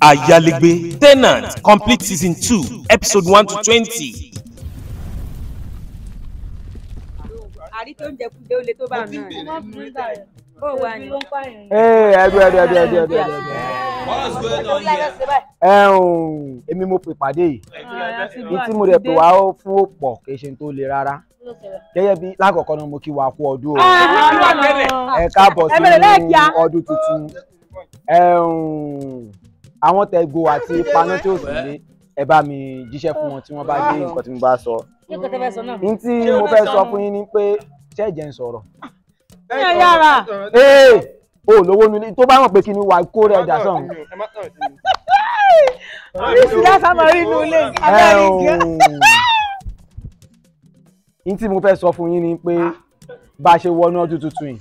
Ayalegbe Tenant complete season two episode one to twenty. àrí tó ń jẹ kúndé ó lè tó bá náà ó èmi mo pè pàdé yìí tí mo rẹ̀ pè wá fún ọ̀pọ̀ kì í ṣe tó le rárá gẹ́gẹ́ bí lákọ̀ọ́kọ́ náà mo kí wa kú ọdún o ẹ káàbọ̀ sínú ọdún tuntun àwọn tẹgo àti paná tí ò sí ní ẹ bá mi jíṣẹ́ fún wọn tí wọ́n bá dé nǹkan tí mo bá sọ. n tí mo fẹ́ sọ fún yín ni pé ṣẹ́ẹ̀jẹ̀ ń sọ̀rọ̀. ẹ yára. ee o lówó nílé tó bá mọ̀ pé kí ni wà á kó rẹ̀ dà sàn oríṣi lásán máa rí inú ilé abẹ́rẹ́ n tí mo fẹ́ sọ fún yín ni pé bá a ṣe wọnú ọdún tuntun yìí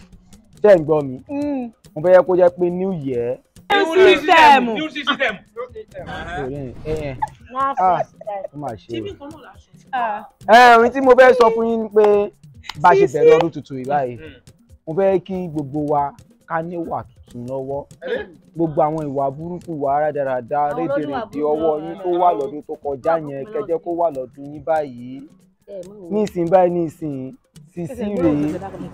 tẹ́ ń gbọ́ mi mm. mo fẹ́ yẹ kó jẹ́ pé new year sísítẹ́ẹ̀mù. new system. wọ́n á fọ́ sísítẹ́ẹ̀mù. ẹ ohun tí mo fẹ́ sọ fún yín ni pé bá a ṣe bẹ̀rẹ̀ ọdún tuntun ìbáyìí hmm. mo fẹ́ kí gbogbo wa ká níwà tuntun lọ́wọ́ eh? gbogbo àwọn ìwà burúkú wà rádaràda rédèrèdè ọwọ́ yín tó wà lọ́dún tó kọjá yẹn kẹjẹ́ kó wà lọ́dún yín báyìí nísìnyí báyìí nísìnyí sisi rèé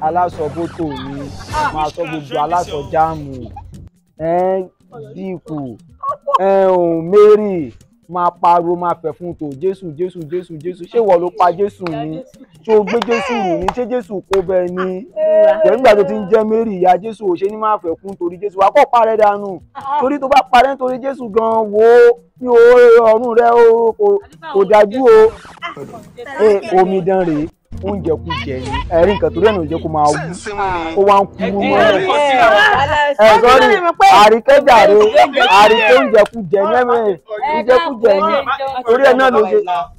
aláṣọ bótò ni ah. màá sọ gbogbo aláṣọ jáàmù dínkù ẹ̀hún mary máa pariwo máa fẹ̀ fún tò jésù jésù jésù jésù ṣé ìwọ ló pa jésù ni ṣé o gbé jésù wù ní ṣé jésù kó bẹ́ẹ̀ ni pẹ̀lú ìgbà tó ti ń jẹ́ mary ìyá jésù ò ṣe ní máa fẹ̀ fún torí jésù wàá kọ́ parẹ́ dànù torí tó bá parẹ́ nítorí jésù gan-an wò ó ní ọ̀run rẹ kò dájú o omidan rèé oúnjẹ kú jẹ ni ẹ̀rí nǹkan torí ẹ̀nà òjẹ́ kó máa wú kó wá ń kú mọ́ ẹ sọ́rí àríkẹ́jàre àríkẹ́ oúnjẹ kú jẹ ní ẹ̀mẹ́ oúnjẹ kú jẹ ni torí ẹ̀ náà ló ṣe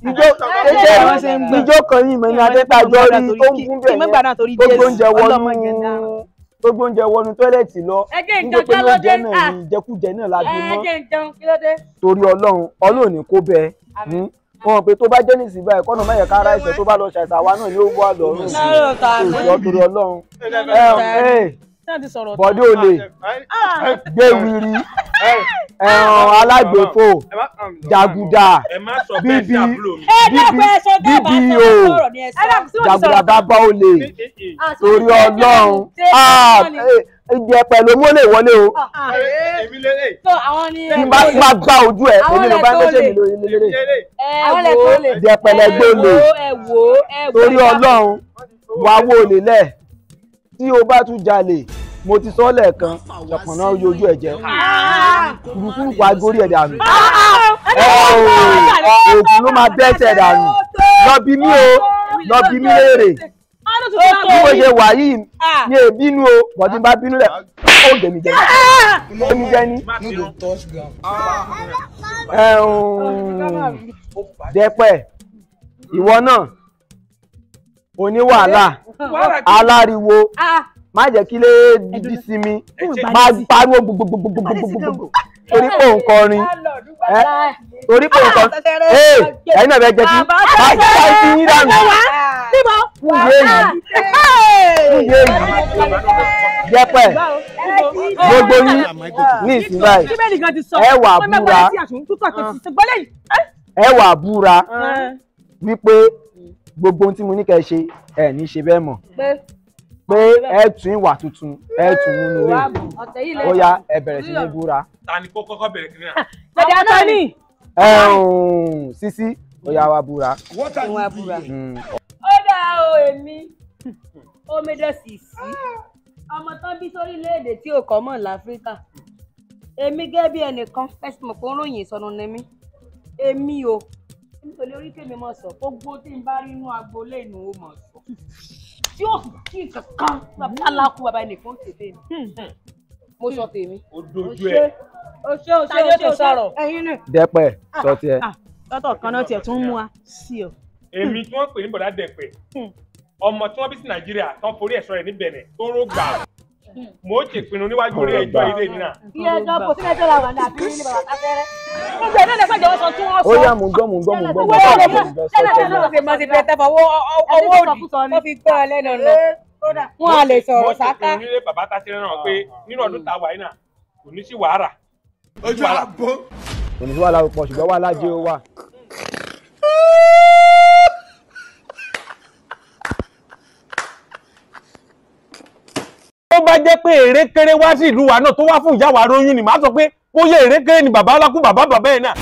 ijó kéṣe ijó kan yìí mẹ́ni adétajọ́ rí tó ń gún bẹ̀rẹ̀ tó gbóúnjẹ wọnú tó gbóúnjẹ wọnú tọ́lẹ̀tì lọ nítorí pé oúnjẹ náà ni ìjẹkújẹ náà lábí mọ́ torí ọlọ́run ọlọ́run ní kó bẹ́ẹ̀ wọn pé tó bá jẹ́ ní ìsìnbá ẹ̀kọ́ náà mẹ́yẹ̀ká ara ẹ̀sẹ̀ tó bá lọ ṣàìsàn àwa náà yóò wà lọ́rùn ìṣòro ọlọ́run bọ́dé olè ah. gbé wiri ẹ̀ràn alágbèfò jàgùdà bíbí bíbí o jàgùdà bàbá olè eh, eh, eh. torí ọlọ́run ìjẹ pẹ̀lú owó lè wọlé o. Ah, ah. tó n bá má gbá ojú ẹ èmi ló bá ń gbé mi lórí lélẹ̀. àwọn ìjẹ pẹ̀lẹ́ gbé lè. torí ọlọ́run wàá wò lélẹ̀ tí o bá tún jalè mo ti sọ lẹ́ẹ̀kan ṣọ̀pọ̀n ojú ẹ̀ jẹ́ ah. kùrùkùrù pa gorí ẹ̀ dànù ló máa bẹ́sẹ̀ dànù lọ bí mi o lọ bí mi léèrè bí mo ṣe wà yìí ah. mi ò o bọ̀ bá bínú rẹ̀ ó gèmí jẹ ní ah. gèmí dẹ́pẹ́ ìwọ náà oníwàhálà aláriwo ah. má jẹ́ kí lè dídí sí mi má pariwo gbogbogbogbogbogbogbò torí pò ń kọrin torí pò ń kọrin ee ẹ̀yin náà bẹ jẹ kí báyìí báyìí ti yín dànù fún iye yìí fún iye yìí jẹpẹ gbogbo yín ní ìsìn báyìí ẹ wà búra ẹ wà búra wípé gbogbo ohun tí mo ní kẹ́ ṣe ẹ ní ṣe bẹ́ẹ̀ mọ́ pé ẹ tún ìwà tuntun ẹ tún múnú rẹ ó yá ẹ bẹ̀rẹ̀ sí ní búra. ta ni kó kọ́kọ́ bẹ̀rẹ̀ kiri náà. ọ̀dà náà ni. ẹ ọ̀hún sisi ó yá wa búra. wọ́n á búra. ó dà o èmi omidé Sisi ọmọ tán bí sórílẹ̀-èdè tí ò kọ́ mọ̀ láfíríkà èmi gẹ́gẹ́ bí ẹnìkan fẹsẹ̀ mọ̀ pé ó ròyìn ìsọnù ni mí èmi o nítorí orí kèmí mọ̀ sọ gbogbo tí n bá rí inú agboolé ìnù ó mọ̀ sọ tí ó sì tí kankan bàbá aláku bàbá ẹnìkan ó tètè mi hmm. hmm. mo sọ tèmi. o dojú ẹ o ṣe o ṣe o ṣe sọ̀rọ̀ ẹyin náà. dẹpẹ ah, sọ tiẹ. Ah, lọ́tọ̀ kan náà tiẹ̀ tún mú wa sí o. èmi tí wọ́n pè ní bọ̀dá dẹpẹ hmm. ọmọ tí wọ́n bí sí nàìjíríà tán forí ẹ̀ṣọ́ rẹ̀ ní bẹ̀nẹ̀ tó ró gbà mo ti pinnu níwájú orí ẹjọ́ ilé ìnira. iye ẹjọ́ kò sí ẹjọ́ la wà ní àbí ní bàbá káfẹ́rẹ́. gbogbo ẹ̀dọ́ lè fàjọwọ́ sọ tí wọ́n sọ. ó yá mú gbọ́ mú gbọ́ mú gbọ́ mú gbọ́ mú gbọ́ sọ tẹ́lẹ̀. ó sì mọ sí tẹ́tẹ́ fọwọ́ ọwọ́ ni ó fi gbọ́ ẹ lẹ́nu lọ. wọn a lè sọ̀rọ̀ sáká. mo ti pinnu bàbá ta sí ẹran pé nínú ọdún tá a wà yìí náà kò ní sí wàhálà. ojú àbọ̀. kò ní sí wàhálà pọ̀ ṣùgbọ́n wàhálà jẹ́ ó wà. bá jẹ́ pé kéré wá sí ìlú wa náà tó wá fún ìyá wa róyún ni màá sọ pé bóyá kéré ni bàbá ọlákú bàbá bàbá ẹ̀ náà.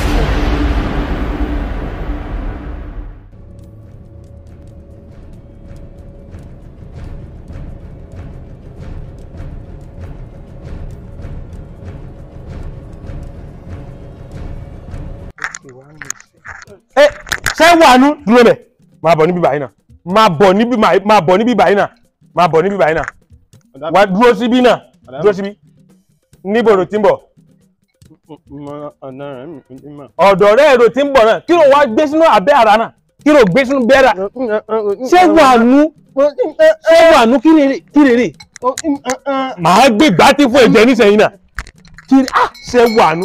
ẹ ṣé wá dúró síbí náà dúró síbí níbo ló ti ń bọ̀. ọ̀dọ̀ rẹ̀ èrò ti ń bọ̀ náà kí ló wá gbé sínú abẹ́ ara náà kí ló gbé sínú bẹ́ẹ̀rà ṣé wàánú ṣé wàánú kí lè rè màá gbé gbàtí fún ẹ̀jẹ̀ nísẹ̀yìn náà kí ah, ṣé wàánú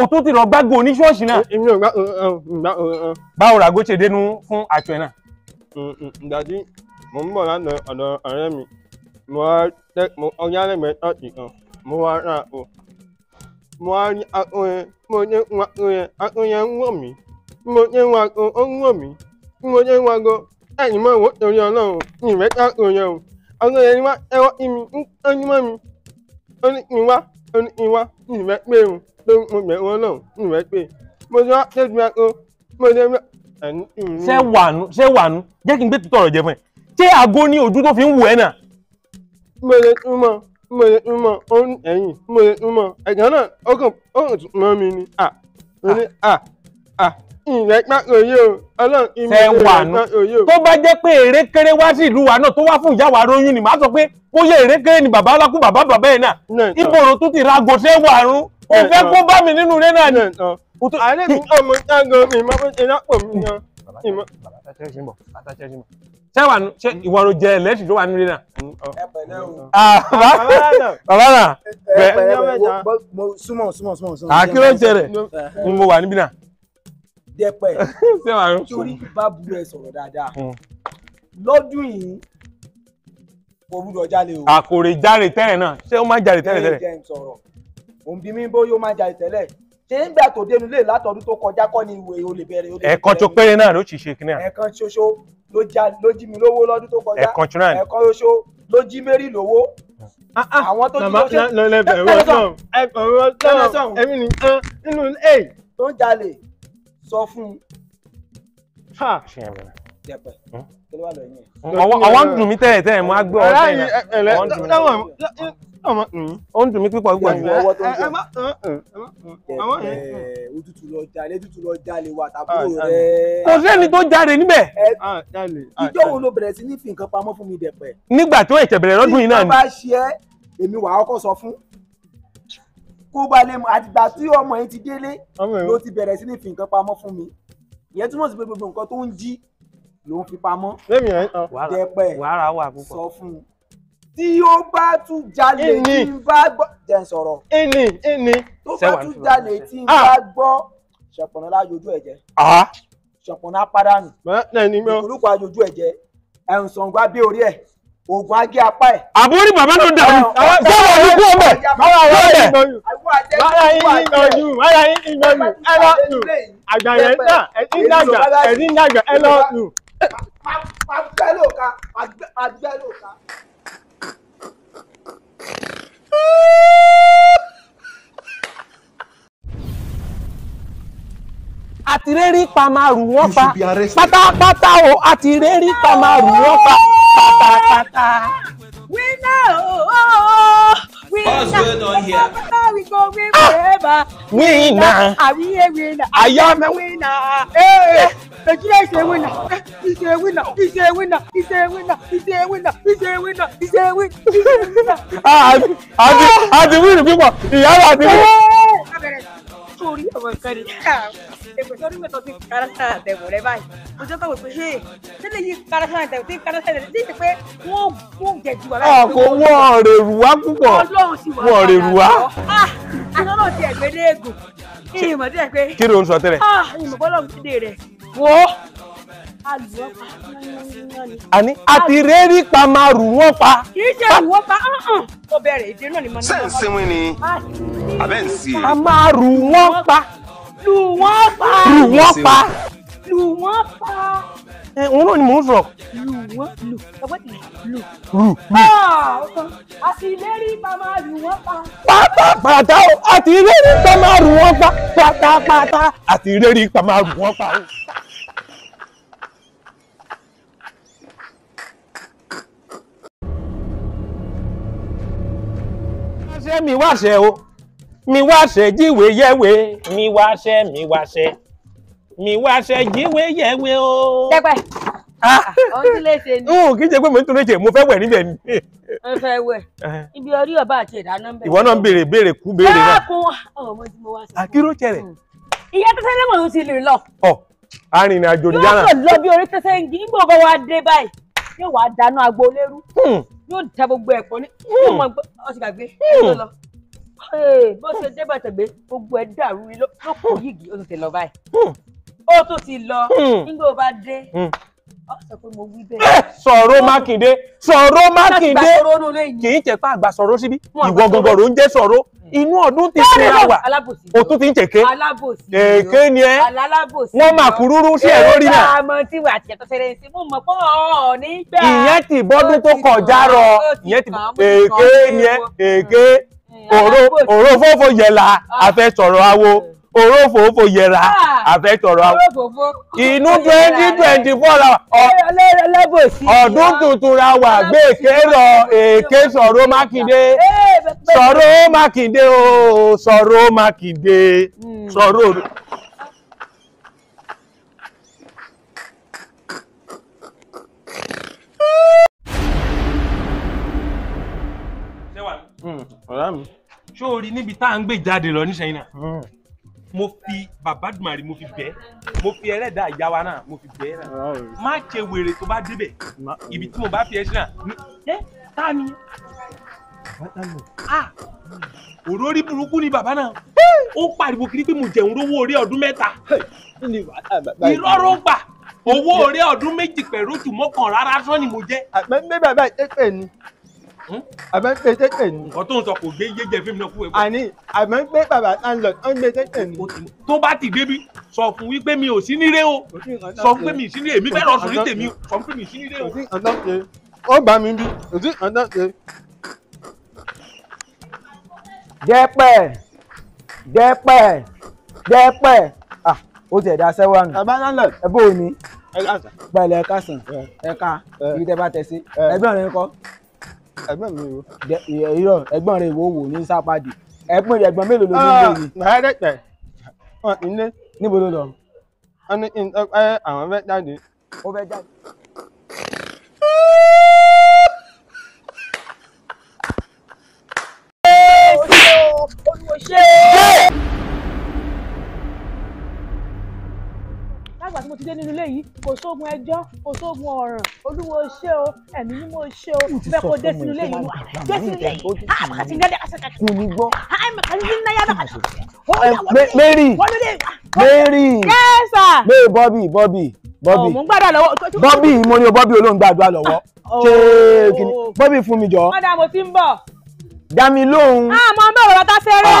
òtún ti lọ gbágbó oníṣọ́ọ̀ṣì náà. èmi ò gbá gbá. báwo làgó ṣe dénú fún àjọ ẹ̀ náà. ìgbà tí mò ń bọ̀ láti ọ̀dọ̀ ọ̀rẹ́ mi mo wá mo ọ̀yálẹ̀mẹ́ta ti hàn mo wá rà o mo wá rí akun yẹn mo ní wa akun yẹn akun yẹn ń wọ̀ mí mo ní wa akun ó ń wọ̀ mo ní wa gan ẹ̀yìn mọ́ ìwọ́ torí ọlọ́run ní ìrẹ́ta akun yẹn o akun yẹn e, ni wá ẹwọ́ ìmí ń tọ́jú mọ́ mi ó ní kí n wá ó ní kí n wá ní ìrẹ́ pé o ló ń mo bẹ̀rù ọlọ́run ní ìrẹ́ pé mo ti wá tẹ́jú akun mo ti wá e, ṣé wàánu ṣé wàánu jẹ́ kí n gbé tutọ̀ ọ̀rọ̀ jẹ fún ẹ ṣé aago ní ojú tó fi ń wù ẹ́ náà mo lè tún mọ mo lè tún mọ òun náà ó kàn ó kàn tún mọ́ mi ni à mo ní à à ìrẹ́ pákó yìí o ọlọ́run ìmọ̀ ìrẹ́ yìí o. tó bá jẹ́ pé èrékéré wá sí ìlú wa náà tó wá fún ìyá wa lóyún ni màá sọ pé ó yẹ èrékéré ni bàbá alákùn bàbá bàbá yẹn náà ìbòrò tó ti ra gòṣẹ́ wà rún fẹ́ kó bá mi nínú rẹ náà ni. àlejò ọmọ jágọ mi máa ń ṣe lápò mi gan àtàtẹ́rẹ́sì ń bọ̀ àtàtẹ́rẹ́sì ń bọ̀ ṣé wà nù ṣé ìwọ ló jẹ ẹlẹ́sìn tó wà nílé náà. Mm, oh. ah, bàbá náà mo súnmọ́ súnmọ́ súnmọ́. àkí ah, ló ń ṣe rẹ̀ ni mo wà níbí náà. dẹpẹ torí bábú rẹ sọ̀rọ̀ dáadáa mm. lọ́dún yìí kò gbúdọ̀ jalè o. àkòrè jàre tẹ́lẹ̀ náà ṣé ó máa jàre tẹ́lẹ̀ tẹ́lẹ̀. bẹ́ẹ̀ jẹ́ ń sọ̀rọ̀ òǹbí mi bóyá ó máa jàre tẹ́lẹ̀ ṣé nígbà tó dénú lè látọdún tó kọjá kọ́ ni ìwé olè bẹ̀rẹ̀ olè bẹ̀rẹ̀ ẹ̀kan tó péré náà ló ti ṣe kí náà ẹ̀kan ṣoṣo ló já ló jí mi lówó lọ́dún tó kọjá ẹ̀kan ṣoṣo ẹ̀kan ṣoṣo ló jí mary lówó ah, ah. àwọn tó jí ló ṣe lọ́lẹ́bẹ̀rẹ̀ wọ́n tán ẹ̀mí ni ah, nínú ẹ̀ tó ń jalè sọ fún un jẹpẹ hmm? kí ló wà lọ yẹn. àwọn ń dùn mí tẹ́lẹ̀ tẹ́lẹ̀ mo á gbé ọ ọmọ mm, ó ń dùn mí pípọ̀ gbọ̀ jù ọwọ́ tó ń jẹ òtútù mm, mm, lọ jalè òtútù lọ jalè wà tàbúrò ah, ah, rẹ. Ah. kò sẹ́ni tó jalè níbẹ̀. ìjọ wo ló bẹ̀rẹ̀ sí ní fi nǹkan pamọ́ fún mi dẹ̀pẹ̀. nígbà tó ẹ̀jẹ̀ bẹ̀rẹ̀ lọ́dún yìí náà ni. bí wọ́n bá ṣe é èmi wàá kọ́ sọ fún kó ba lè mọ àtìgbà tí ọmọ yẹn ti délé ló ti bẹ̀rẹ̀ sí ní fi nǹkan pamọ́ fún mi ìyẹn túmọ̀ sí pé gbogbo nǹkan tó ń jí ló ń fi pamọ́ dẹ̀pẹ̀ sọ fún un tí ó bá tún jalè tí n bá gbọ́ jẹ́ n sọ̀rọ̀ ìní ìní tó bá tún jalè tí n bá gbọ́ ṣọ̀pọ̀nà lájojú ẹ̀jẹ̀ ṣọ̀pọ̀nà apádànù olùkọ́ àjojú ẹ̀jẹ̀ ẹ̀rùn sọ̀ngbà bí orí ẹ̀ oògùn ajé apá ẹ̀. àbúrò bàbá ló dà mí sọ́wọ́ kú ọbẹ̀ báwa wà lẹ̀ báwa yín ìyànjú báwa yín ìyànjú ẹ ẹ̀dín dàgbà ẹ̀dín dàgbà ẹ lọ nù. àgbẹ̀lò ká àgbẹ̀lò ká àti rérí pa máa rù wọ́n pa pátápátá o àti rérí pa máa rù wọ́n pa pátápátá. wíńdà ooo. What's going on here? We Winner. Are we a winner? I am a winner. Hey, Nigeria is a winner. He's a winner. He's a winner. He's a winner. He's a winner. He's a winner. He's a winner. Ah, I, I, I, I, I, I, I, I, I, I, sórí ọ̀rọ̀ nǹkan ni èpè sórí mi tó ti kára sára tẹ̀wò rẹ báyìí mo jẹ́ kọ́ wò pé ṣé tẹ́lẹ̀ yìí kára sára tẹ̀wò tí kára sára tẹ̀wò tí ì pé wọ́n wọ́n jẹ̀ jù wà láti. ọkọ wọn rè rù wá púpọ̀ wọn rè rù wá. àná náà ti ẹ̀gbẹ́ dé ègò kí àní àti rẹ́rí pa máa rù wọ́n pa. kì í ṣe rù wọ́n pa ó bẹ̀rẹ̀ èdè náà ni mo ní. ṣé ń ni ah. abẹ́ ń sí. a máa rù wọ́n pa. lù wọ́n pa. rù wọ́n pa. lù wọ́n pa. ẹ òun náà ni mò ń sọ. lù wọ́n lù ọgbẹ́ tí lù. rù rù. àti ah, rẹ́rí pa máa rù wọ́n pa. pátápátá o àti pa máa rù wọ́n pa pátápátá àti pa máa rù wọ́n pa o. wáṣẹ́ mi wáṣẹ́ o mi wáṣẹ́ jíwèé yẹ̀wé mi wáṣẹ́ mi wáṣẹ́ mi wáṣẹ́ jíwèé yẹ̀wé o. dẹ́pẹ́ ọdún ah! ah, léṣe ni. kì í ṣe pé mo ń tún léṣe mo fẹ́ wẹ̀ níbẹ̀ ni. ẹ fẹ́ wẹ̀ eh. ibi orí ọba àti ìdáná ń bẹ̀rẹ̀. ìwọ náà ń béèrè béèrè kú béèrè náà. báàkùn ọmọ tí mo wá sí. àkíró tẹ̀rẹ̀. Hmm. ìyá tẹ́tẹ́ lẹ́mọ̀ ló ti lè lọ. ọ arìnrìn àjò nìyára. yóò lọ bí orí tẹ́tẹ́ ń gbìn gbogbo wa dé báyìí yóò wá dáná agbo lérú hmm. yóò da gbogbo ẹ̀pọ̀ ní hmm. yóò mọ ọtí gbàgbé yóò hmm. lọ bó ṣe dé bàtàgbé gbogbo ẹ̀ dàrú ló kù yìgì ó tún ti lọ báyìí ó tún ti lọ nígbà ó bá dé Eh, sọ̀rọ̀ mákindé sọ̀rọ̀ mákindé kì í jẹ́ pé àgbà sọ̀rọ̀ síbí ìwọ gọ̀gọ̀rọ̀ ń jẹ́ sọ̀rọ̀ hmm. inú ọdún ti sin o òtún ti ń tèké èké ni ẹ wọ́n máa kúrúrú sí ẹ̀ lórí náà ìyẹn ti bọ́dún tó kọjá rọ ìyẹn ti èké ni ẹ èké hmm. òró fọ́fọ́ yẹ̀là àfẹsọ̀rọ̀ awo. Hmm òrófòófò yẹra ah, àfẹ́tọ̀rọ̀ inú twenty twenty four la ọdún tuntun ra wà gbé èké lọ èké sọ̀rọ̀ mákindé eh, sọ̀rọ̀ mákindé o sọ̀rọ̀ mákindé hmm. sọ̀rọ̀. ṣé wà ní. Hmm, ọ̀rá mi. ṣó o rí níbi tá à ń gbé jáde lọ ní ṣẹ́yìn náà. Hmm mo fi bàbá dùmàrè mo fi bẹ́ẹ̀ mo fi ẹlẹ́dà ìyáwa náà mo fi bẹ́ẹ̀ náà má ṣe wèrè tó bá débẹ̀ ibi tí mo bá fi ẹ sí náà ẹ tá ni ah! òrórí burúkú ni bàbá náà ó pariwo kiri pé mo jẹun lówó orí ọdún mẹ́ta ìrọ́rọ́ gbà owó orí ọdún méjì pẹ̀lú tùmọ̀kàn rárá sọ́ni mo jẹ́. bẹ́ẹ̀ bẹ́ẹ̀ bẹ́ẹ̀ ẹ pẹ́ ni. Hmm? àmọ́ ń pè tètè ni. nǹkan tó ń sọ kò gbé yéjẹ fíìmù náà kú ẹ̀. àní àmọ́ ń pè bàbá landlord ń gbé tètè ni. tó bá ti débi sọ fún wípé mi ò sí nílé o sọ fún pé mi ì sí nílé èmi fẹ́ lọ sùn ní tèmi sọ fún pé mi ì sí nílé o. ó gbà mí bí kò sí nǹkan náà ṣe. dẹ́pẹ̀ dẹ́pẹ̀ dẹ́pẹ̀ ó ti ẹ̀dá sẹ́wọ́n nù. bàbá landlord ẹ bó o ẹ káàsán. pẹ̀lẹ́ ẹ káàsán ẹ ká ibi tẹ bá tẹ sí ẹgbẹ́ ọ̀rẹ́ ń kọ́ ẹ̀gbọ́n mi wo irọ́ ẹ̀gbọ́n rẹ ìwò wò ní sápàdé ẹ̀gbọ́n rẹ ẹ̀gbọ́n mélòó ló ní ah, ilé yìí. ilé níbo ló lọ. wọ́n ní àwọn fẹ́ jáde. ó fẹ́ jáde. ṣé o ṣé o. mo ti dé nínú ilé kò sóògùn ẹjọ́ kò sóògùn ọ̀ràn olúwo ṣé o ẹ̀mí ni mo ṣe o bẹ́ẹ̀ kò dé sínú ilé yìí dé sínú ilé a bàtà ti ń dẹ́dẹ́ kásẹ̀ kásẹ̀. kùnì gbọ́. Ah, Mary Mary Mary Bobby Bobby Bobby oh, Bobby mo ní o Bobby olóhùn gbàdúrà lọ́wọ́ ah, oh. ṣé kìnnì Bobby fún mi jọ. ọ̀dà mo ti ń bọ̀. dami lóhùn. àmọ́ ah, bẹ́ẹ̀ wọ́n ta ṣeré.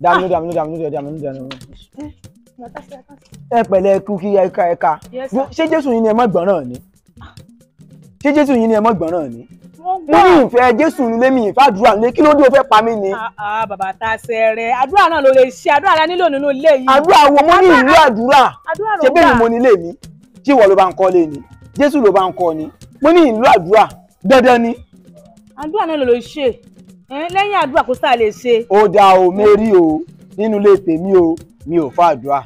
dami lóhùn dami lóhùn dami lóhùn dami lóhùn ẹ pẹ̀lẹ́ kú kí ẹka ẹka ṣé jésù yìí ni ẹ mọ̀ gbọ́ràn ni ṣé jésù yìí ni ẹ mọ̀ gbọ́ràn ni mo ní ìfẹ́ jésù nílé mi ìfẹ́ àdúrà nílé kí ló dé o fẹ́ pa mí ni. Ah, ah, bàbá ta ṣe rẹ àdúrà náà ló lè ṣe àdúrà la nílò nínú ilé yìí. àdúrà wo mo ní ìlú àdúrà ṣé bẹ́ẹ̀ ni mo nílé mi tí ìwọ ló bá ń kọ́ lé ni jésù ló bá ń kọ́ ni mo ní ìlú àdúrà dandan ni. àdúrà náà ló lè ṣe lẹ́yìn àdúrà kó sáà lè ṣe. ó dáa o mary o nínú ilé tèmi o mi ò fa àdúrà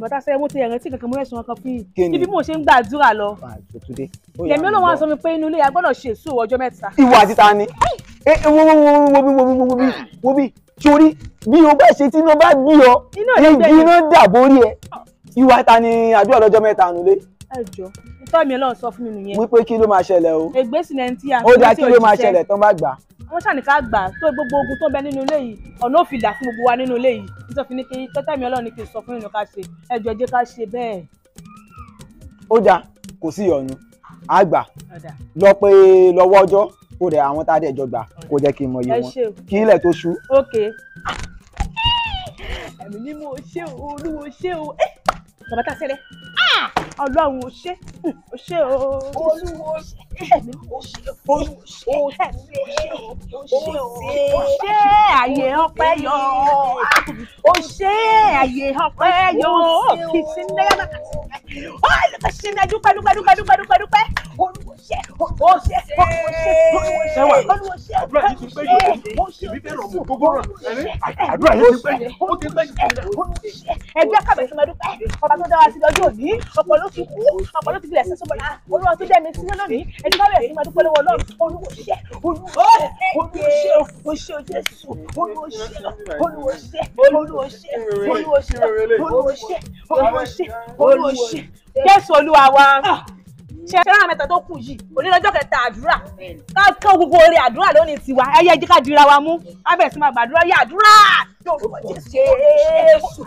bọ̀dá sẹ́yìn mo ti ẹ̀rẹ́ tí kankan mo rẹ̀sùn ọkàn fún yìí níbi mo ṣe ń gbàdúrà lọ. lèmi olóhùn aṣọ mi pé inú ilé ya gbọ́dọ̀ ṣe èso ọjọ́ mẹ́ta. ìwà àti ta ni wo wo wo wo wo wo wo wo wo bi torí bí o bá ṣe tí iná bá bí ọ igi iná dà borí ẹ ìwà ta ni àbí ọlọ́jọ́ mẹ́ta nulẹ̀ ẹjọ ìtọ́ mi lọ́n sọ fún mi nìyẹn. wípé kí ló máa ṣẹlẹ̀ o. ègbésì náà ti àfihàn tí ò ti ṣe. ó dáa kí ló máa ṣẹlẹ̀ tán bá gbà wọ́n ṣàní ká gbà tó gbogbo ogun tó ń bẹ nínú ilé yìí ọ̀nà òfin là fún gbogbo wa nínú ilé yìí nítorí ní kí tẹ́tẹ́ ọlọ́run ní kí n sọ fún ìnù ká ṣe ẹjọ́ ẹjẹ́ ká ṣe bẹ́ẹ̀. ó jà kò sí ìyọnu àgbà lọ pé lọ́wọ́ ọjọ́ kó rẹ̀ àwọn tá a dẹ̀ jọ gbà kó jẹ́ kí n mọ iye wọn kí ilẹ̀ tó ṣú. ẹ̀mí ni mo ṣe o olúwo ṣe o eh! bàbá tá a ṣẹlẹ̀ ah! ọlọ́run ò ṣe ò hm, ṣe o olúwo ṣe ṣe o ṣe o ṣe o ṣe àyè ọpẹ́ yọ o ṣe àyè ọpẹ́ yọ kì í sí ní lẹ́yìn ó lè fẹ́ ṣe ní adúpẹ́ dúpẹ́ dúpẹ́ dúpẹ́ dúpẹ́ dúpẹ́ olùwò ṣe olùwò ṣe olùwò ṣe olùwò ṣe àdúrà yìí ti pẹ́ jù olùwò ṣe ìbí bẹ́ẹ̀ lọ́mọ gbogbo rẹ̀ àdúrà yìí ti pẹ́ jù ó ti pẹ́ jù ẹgbẹ́ kábẹ̀sí máa dúpẹ́ ọba tó dára sí lọ́jọ́ òní ọ̀pọ̀ ló ti kú ọ̀pọ̀ ló ti gbilẹ̀ sẹ́sọ́ bọ́lá olúwa tó dẹ́mi sí lónìí ẹni bá bẹ̀rẹ̀ sí máa dúpẹ́ lọ́wọ́ Ọlọ́run Olúwa ṣe Olúwa ṣe Olúwa ṣe Jésù Olúwa ṣe Olúwa ṣe Olúwa ṣe Olúwa ṣe Olúwa ṣe Olúwa ṣe Olúwa ṣe Jésù Olúwa wa ah. ṣe fẹ́ràn mẹ́ta tó kù yìí onílọ́jọ́ kẹta àdúrà ká kọ́ gbogbo orí àdúrà lónìí tiwa ẹyẹ jí ká dira wa mú ká bẹ̀rẹ̀ sí máa gbàdúrà yá àdúrà lórúkọ Jésù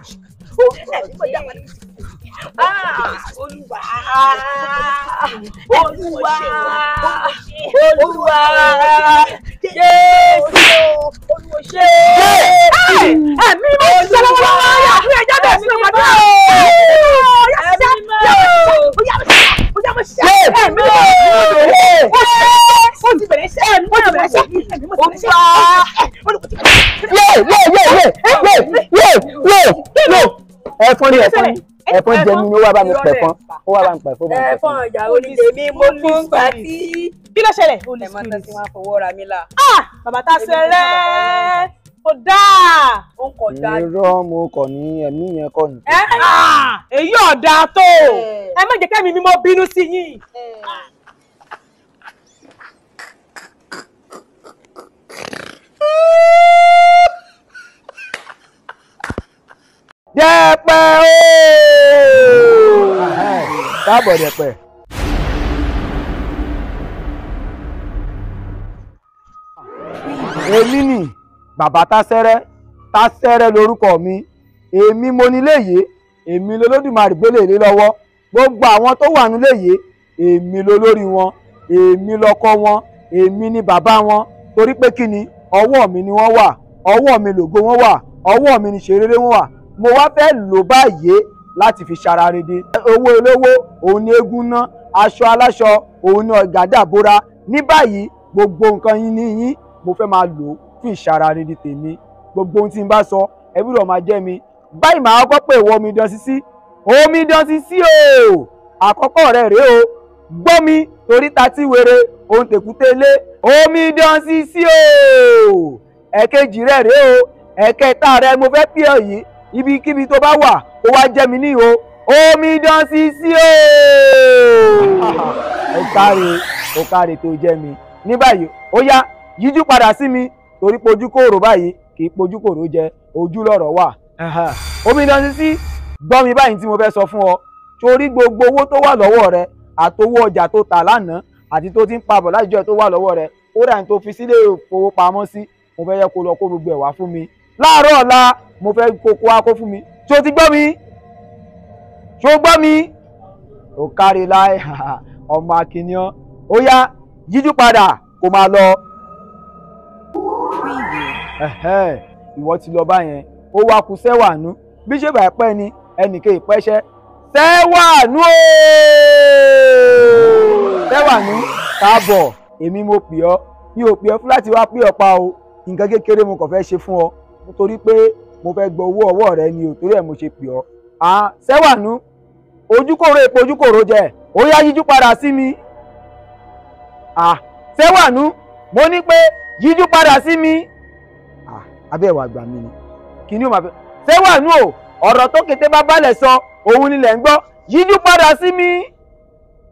ah, Olúwa Olúwa olúwa olúwa jésù ṣe ẹ̀mí mọ́ ti sọ lọ́wọ́ lọ́wọ́ yà fún ẹ̀jẹ̀ bẹ̀ sí ọmọdé o yà sí ọmọ sí ẹ̀mí mọ́ o ṣe o ti bẹ̀rẹ̀ ṣe ẹ̀mí mọ́ ti bẹ̀rẹ̀ ṣe ẹ̀mí mọ́ ti bẹ̀rẹ̀ ṣe. yé yé yé yé yé yé yé ẹ̀fọn ni ẹ̀fọn ni ẹ̀fọn jẹ mí ni ó wá bá mi pẹ̀ fún ó wá bá mi pẹ̀ fún. ẹ̀fọn ọjà onílé mi mo fún pàtí. kí ló ṣẹlẹ̀ holy spirit. ẹ̀mọ́tẹ́ tí wọ́n fowó ra mi là. ah bàbá tá a ṣe rẹ́ ó dáa. ó ń kọ̀ dáa. irọ́ mo kọ̀ ní ẹ̀mí yẹn kọ́ ni. Ah! èyí ọ̀dà tó ẹ má jẹ́ kẹ́mi mímọ́ bínú sí yín. Woo! Dẹ̀pẹ̀ ooo káàbọ̀ Dẹ̀pẹ̀. èmi ni bàbá Tasẹ́rẹ́ Tasẹ́rẹ́ lórúkọ mi èmi mo nílé yìí èmi lolódùmarè gbélé lé lọ́wọ́ gbogbo àwọn tó wà nílé yìí èmi lolórí wọn èmi lọ́kọ wọn èmi ni bàbá wọn torí pé kí ni ọwọ́ mi ni wọ́n wà ọwọ́ mi lògo wọn wà ọwọ́ mi ni ṣerere wọn wà mo wá fẹ́ lò báyìí láti fi ṣara rede owó olówó òun ni eégún ná aṣọ aláṣọ òun ni ọ̀gádàbora ní báyìí gbogbo nǹkan yín ní yín mo fẹ́ máa lò ó fún ìṣara rede tèmi gbogbo ohun tí n bá sọ ẹ gbọ́dọ̀ máa jẹ́ mi báyìí màá kọ́ pé ìwọ omidan Sisi omidan Sisi o àkọ́kọ́ rẹ̀ rèé o gbọ́ mi torí ta ti wèrè òun tèkúté lé omidan Sisi o ẹ̀kejì rẹ̀ rèé o ẹ̀kẹta rẹ̀ mo fẹ́ pè ọ́ yìí ibikíbi tó bá wà kó wá jẹ́ mi ní o omidan sisi o. ó káre ó káre tó jẹ́ mi ní báyìí ó yá yíjú padà sí mi torí pojú kòrò báyìí kì í pojú kòrò jẹ ojú lọ̀rọ̀ wà. omidan sisi gbọ́ mi báyìí tí mo fẹ́ sọ fún ọ torí gbogbo owó tó wà lọ́wọ́ rẹ àtowó ọjà tó tà lánàá àti tó ti ń pabọ̀ lájọ tó wà lọ́wọ́ rẹ ó ní tó fi sílé ìfowópamọ́ mo fẹ́ yẹ kó lọ kó gbogbo ẹ̀ wá fún mi láàárọ̀ ọ̀la mo fẹ́ kókó wá kó fún mi tí o ti gbọ́ mi tí o gbọ́ mi ò kárí láì ọmọ akínníyàn ó yá yíjú padà kó máa lọ. ìwọ ti lọ báyẹn ó wá kù sẹ́wàánú bí ṣe bàá pẹ́ ni ẹnìkan ìpẹ́ṣẹ́ sẹ́wàánú sẹ́wàánú káàbọ̀ èmi mo pè ọ́ mi ò pè ọ́ fún láti wá pè ọ́ pa o nǹkan kékeré mo kàn fẹ́ ṣe fún ọ nítorí pé mo fẹ́ gbọ́ owó ọwọ́ rẹ ni o torí ẹ̀ mo ṣe pè ọ́ à sẹ́wàánú ojúkòrò epo ojúkòrò jẹ ó yá yíjú padà sí mi à sẹ́wàánú mo ní pé yíjú padà sí mi à abẹ́ ẹ̀wà àgbà mi ni kí ni ó máa fẹ́ sẹ́wàánú o ọ̀rọ̀ tó kété bá balẹ̀ sọ òun nílẹ̀ ń gbọ́ yíjú padà sí mi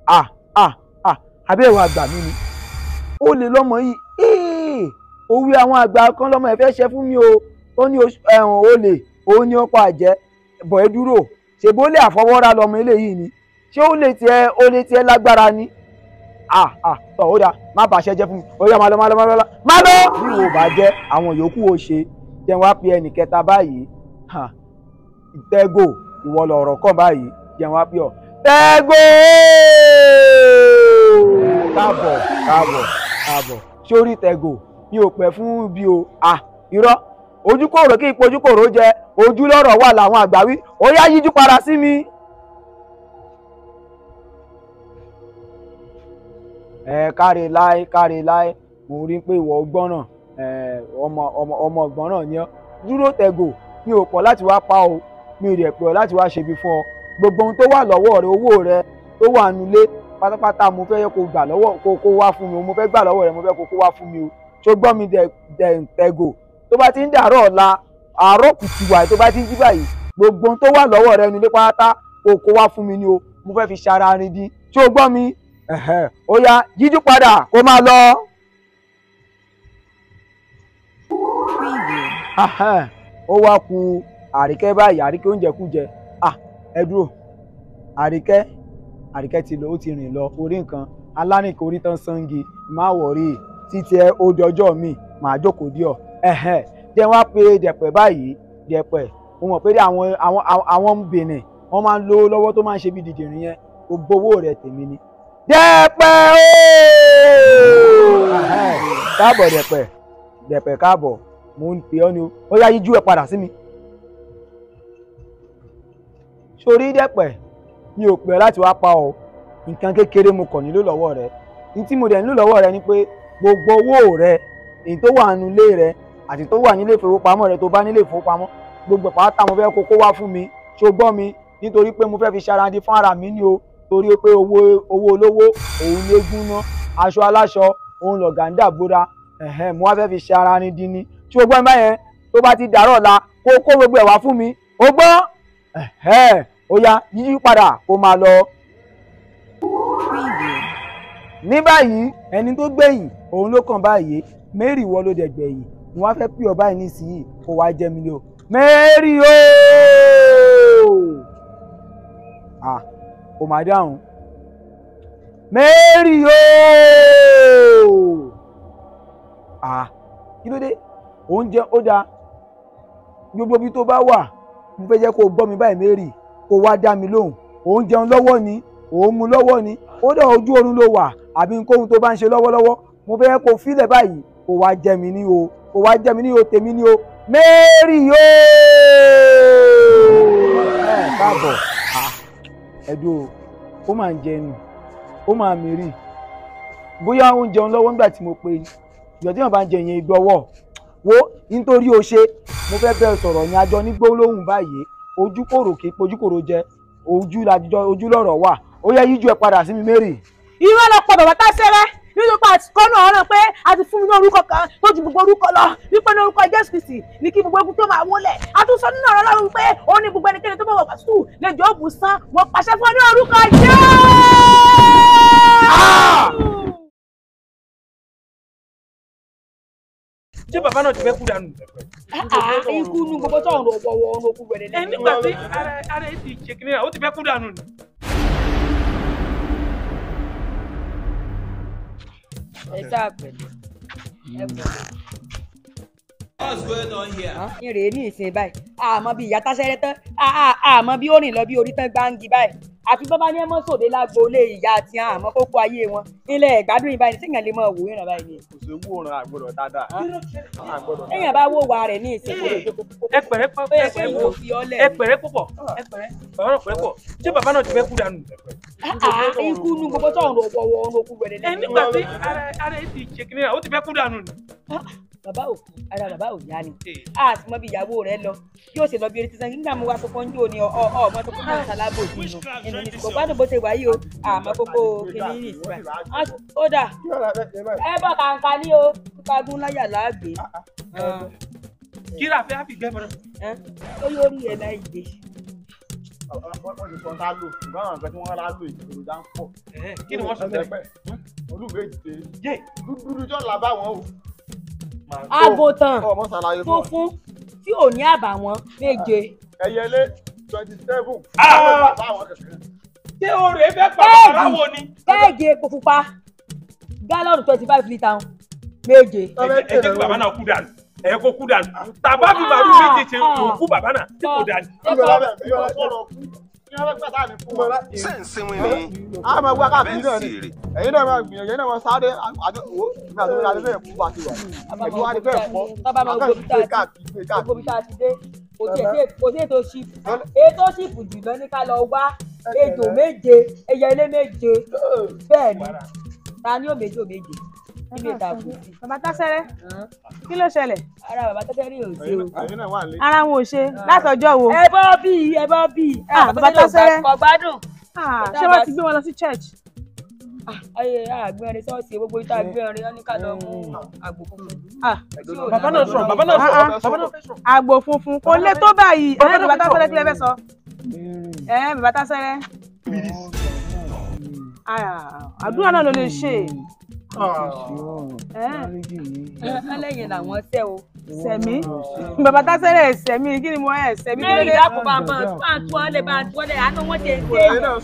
à à à abẹ́ ẹ̀wà àgbà mi ni ó lè lọ́mọ yìí ó wí àwọn àgbà kan lọ́mọ ẹ̀ fẹ́ ṣe fún mi o ó ní ẹ̀hún olè òun ni ó pa àjẹ́ bọ̀ ẹ́ dúró ṣèbó lè àfọwọ́rá lọmọ eléyìí ni ṣé ó lè tiẹ̀ ó lè tiẹ̀ lágbára ni ah ah tọ̀ ó dáa má bàṣẹ jẹ́ fún mi ó yá má lọ má lọ má lọ má lọ bí wò bá jẹ́ àwọn yòókù ó ṣe jẹ́ wá pe ẹnì kẹta báyìí tẹ́gò ìwọ lọ̀rọ̀ kàn báyìí jẹ́ wá pe ọ tẹ́gò káàbọ̀ káàbọ̀ káàbọ̀ sórí tẹ́gò mi ò pẹ́ fún bí o ah irọ́ ojúkòrò kí ipò ojúkòrò jẹ ojú lọ́rọ̀ wà làwọn àgbà wí ó yá yíjú para sí mi. ẹ káre láé káre láé mo rí pé ìwọ gbọ́nà ọmọ ọmọ ọmọ gbọ́nà ni ọ́ dúró tẹ̀gò mi ò pọ̀ láti wá pa o mi ò rẹ̀ pẹ̀ láti wá ṣebi fún ọ gbogbo ohun tó wà lọ́wọ́ rẹ owó rẹ tó wà nulẹ̀ pátápátá mo fẹ́ kó gbà lọ́wọ́ kó kó wá fún mi o mo fẹ́ gbà lọ́wọ́ rẹ mo fẹ́ kó kó wá fún mi o tó gbọ́ mi dẹ̀ dẹ̀ tẹ̀gò tó bá ti ń dàárọ̀ ọ̀la àárọ̀ kùtùwà tó bá ti ń jí báyìí gbogbo tó wà lọ́wọ́ rẹ nílé pátá kò wá fún mi ni o mo fẹ́ fi ṣara rin dín tí o gbọ́ mi ó yá jíjú padà kó máa lọ. ó wá ku àríkẹ́ báyìí àríkẹ́ oúnjẹ kú jẹ ẹ dúró àríkẹ́ àríkẹ́ ti lọ ó ti rìn lọ orí nǹkan alárìnkè orí tán sangi má wọ̀rí títí ẹ ó di ọjọ́ mi màá jókòó díọ̀. ẹ̀hẹ̀n then wá pé dẹ̀pẹ̀ báyìí dẹ̀pẹ̀ mo mọ̀ pé àwọn àwọn àwọn benin wọ́n máa ń lówó lọ́wọ́ tó máa ń ṣe bí dìdìrín yẹn gbogbo owó rẹ̀ tèmi ni. dẹ̀pẹ̀ ooo káàbọ̀ dẹ̀pẹ̀ dẹ̀pẹ̀ káàbọ̀ mo ń pè ọ́ ni ó yá yíjú ẹ̀ padà sí mi. sórí dẹ̀pẹ̀ mi ò pè ọ́ láti wá pa ọ́ nǹkan kékeré mo kàn nílò lọ́wọ́ rẹ̀ ní tí mo dẹ̀ nílò lọ́wọ́ rẹ̀ ni pé gbogbo owó rẹ̀ èyí tó wà nínú ilé rẹ̀ àti tó wà nílé ìfowópamọ́ rẹ tó bá nílé ìfowópamọ́ gbogbo pátá mo fẹ́ kó kó wá fún mi ṣó gbọ́ mi nítorí pé mo fẹ́ fi ṣarandi fún ara mi ni o torí pé owó owó olówó òun ló gúnná aṣọ aláṣọ òun lọ̀gà ń dàbúra mo wá fẹ́ fi ṣarandi ni ṣó gbọ́ mi báyẹn tó bá ti dàárọ̀ la kó kó gbogbo ẹ̀ wá fún mi ó gbọ́ ó yá yíyí padà kó máa lọ. ní báyìí ẹni tó gbẹ̀yìn òun ló kàn báyìí mary wọ́n ló dẹ̀ gbẹ̀yìn mo wá fẹ́ pè ọ́ báyìí nísìnyí kó wá jẹ́ mi lé o mẹ́rì ooo ah o máa dáhùn mẹ́rì ooo ah kí ló dé oúnjẹ ó dáa gbogbo ibi tó bá wà mo fẹ́ jẹ́ kó o gbọ́ mi báyìí mẹ́rì kó wá dá mi lóhùn òun jẹun lọ́wọ́ ni òun mu lọ́wọ́ ni ó dẹ̀ ojú oorun ló wà àbí nkóhun tó bá ń ṣe lọ́wọ́lọ́wọ́ mo fẹ́ kó o fílẹ̀ báyìí kó wá jẹ mi ní o kò wá jẹ́ mi ní o tèmi ní o Mary yóò. ẹ káàbọ̀ ẹ̀dùn o ó máa ń jẹ ẹnu ó máa ń mìíràn bóyá ó ń lọ́wọ́ nígbà tí mo pe tí wọ́n bá ń jẹ ìgbọ́wọ́ wo nítorí o ṣe mo fẹ́ bẹ́ẹ̀ sọ̀rọ̀ ní àjọ ní gbólóhùn báyìí ojú kòrò kí ojú kòrò jẹ ojú wà ó yẹ yíjú ẹ padà sí mi Mary. ìwé bàbá tá nínú pa àtikọ́nà ọ̀rọ̀ pé a ti fún mi ní orúkọ kan tó ju gbogbo orúkọ lọ wípé ní orúkọ Jésù Kristi ní kí gbogbo egun tó máa wọlẹ̀ a tún sọ nínú ọ̀rọ̀ Ọlọ́run pé ó ní gbogbo ẹnikẹ́ni tó bá wọ̀ pàṣẹ lè jọ òògùn san wọ́n pàṣẹ fún ọ ní orúkọ Jésù. ṣé bàbá náà ti fẹ́ kú dànù. Ah, ah, ikú nu gbogbo tó ń rò wọ̀wọ̀ ọ̀run òkú wẹ̀rẹ̀ lẹ́yìn. nígbà tí ara ẹ ti ṣe ó ti fẹ́ kú dànù ni. ẹ what's going on here. Ah, ìrèé ní ìsìn báyìí àmọ́ bí ìyá táṣẹ́rẹ́ tán àmọ́ bí ó rìn lọ bí orí tán gbáǹgì báyìí àfi bábá ní ẹ mọ́ sòde lágboolé ìyá àti àmọ́ kókó ayé wọn ilẹ̀ ìgbádùn ìbáyìí ní sígàn lè mọ̀ wò yìnyín báyìí ni. kò sí owó ọ̀ràn àgbọ̀dọ̀ dáadáa. èèyàn bá wò wà rẹ̀ ní ìsìnkú rẹ̀ ẹ pẹ̀rẹ́ pọ̀ ẹ pẹ̀rẹ́ pọ̀ ẹ pẹ̀rẹ́ pọ̀ ṣé bàbá náà ti fẹ́ kú dànù. Ah, ah, ah, ikú nu gbogbo tó ń ro ọwọ́ ọ̀run okú wẹ̀rẹ̀ lẹ́yìn. ẹ nígbà tí ara ẹ ti ṣèkìnnìyàn ó ti fẹ́ kú dànù ni bàbá ò ara ah. bàbá ò ni eh. a ti mọ bí ìyàwó rẹ lọ yóò ṣe lọ bí eré títan nígbà mo wá tó pọ́njú ni ọ ọmọ tó kọ́kọ́ sálábò ìdùnnú ẹnu ní ah. kò gbádùn bó ṣe wáyé o àmọ́ ah, kókó kìnìún ní ìsúra ó dà ẹ bọ̀ kàǹkà ní o kagun láyà láàgbé. kíra fẹ́ fi gbẹ́ mọ́ra. ó yóò rí ẹ láì dé wọ́n ti sọ tá a lò ṣùgbọ́n àwọn nǹkan tí wọ́n rà lò èròjà àbòtàn tó fún tí ò ní àbàwọ́n méje. ẹyẹlé twenty seven. Ah! ṣé oore fẹ́ pa aráwo ni. bẹ́ẹ̀gì epo pupa gálọ́ọ̀nù twenty five litre méje. ẹ jẹ́ kí bàbá náà kú dànù ẹ kó kú dànù ah! tàbá fi màálù méje ṣe ah! òkú bàbá náà tí kò dànù ṣé náà máa gbìyànjú ẹ̀yin náà máa sáré àjọ o fún wa ti wà ẹ̀yin wá ní bẹ́ẹ̀ fọ́ ètò ṣíìpù jùlọ ní ká lọ wá ejò méje ẹyẹlé méje bẹ́ẹ̀ ni ta ni ó méje méje níbi ìtàkùn. bàbá tásẹ́rẹ́ kí ló ṣẹlẹ̀. ara bàbá tásẹ́rẹ́ ò ṣe o. ara wọn ò ṣe ah. látọjọ́ wo. ẹ bọ́ bí ẹ bọ́ bí. Ah, bàbá tásẹ́rẹ́ kò gbádùn. Ah, ṣé wọ́n ti gbé wọn lọ sí church. ayé àgbẹ̀rin ṣọ́ọ̀ṣì gbogbo ìta àgbẹ̀rin wọn ní ká lọ mú hmm. àgbò funfun. bàbá náà sọ̀rọ̀ bàbá náà sọ̀rọ̀. àgbò funfun kò lè tó báyìí ẹ̀ bàbá eh, tásẹ́rẹ́ kílẹ̀ fẹ́ sọ. ẹ̀ hmm. eh, bàbá tásẹ́rẹ́ àdúrà náà ló lè ṣe hmm. Ah. ẹlẹ́yìn làwọn tẹ́ o sẹ̀mí bàbá tásẹ̀rẹ̀ sẹ̀mí kí ni mo ẹ̀ sẹ̀mí kí ló dé. ìdáàbò bàbá bá a tú wọn lẹ bá a tú wọn lẹ àná wọn tẹ ṣe.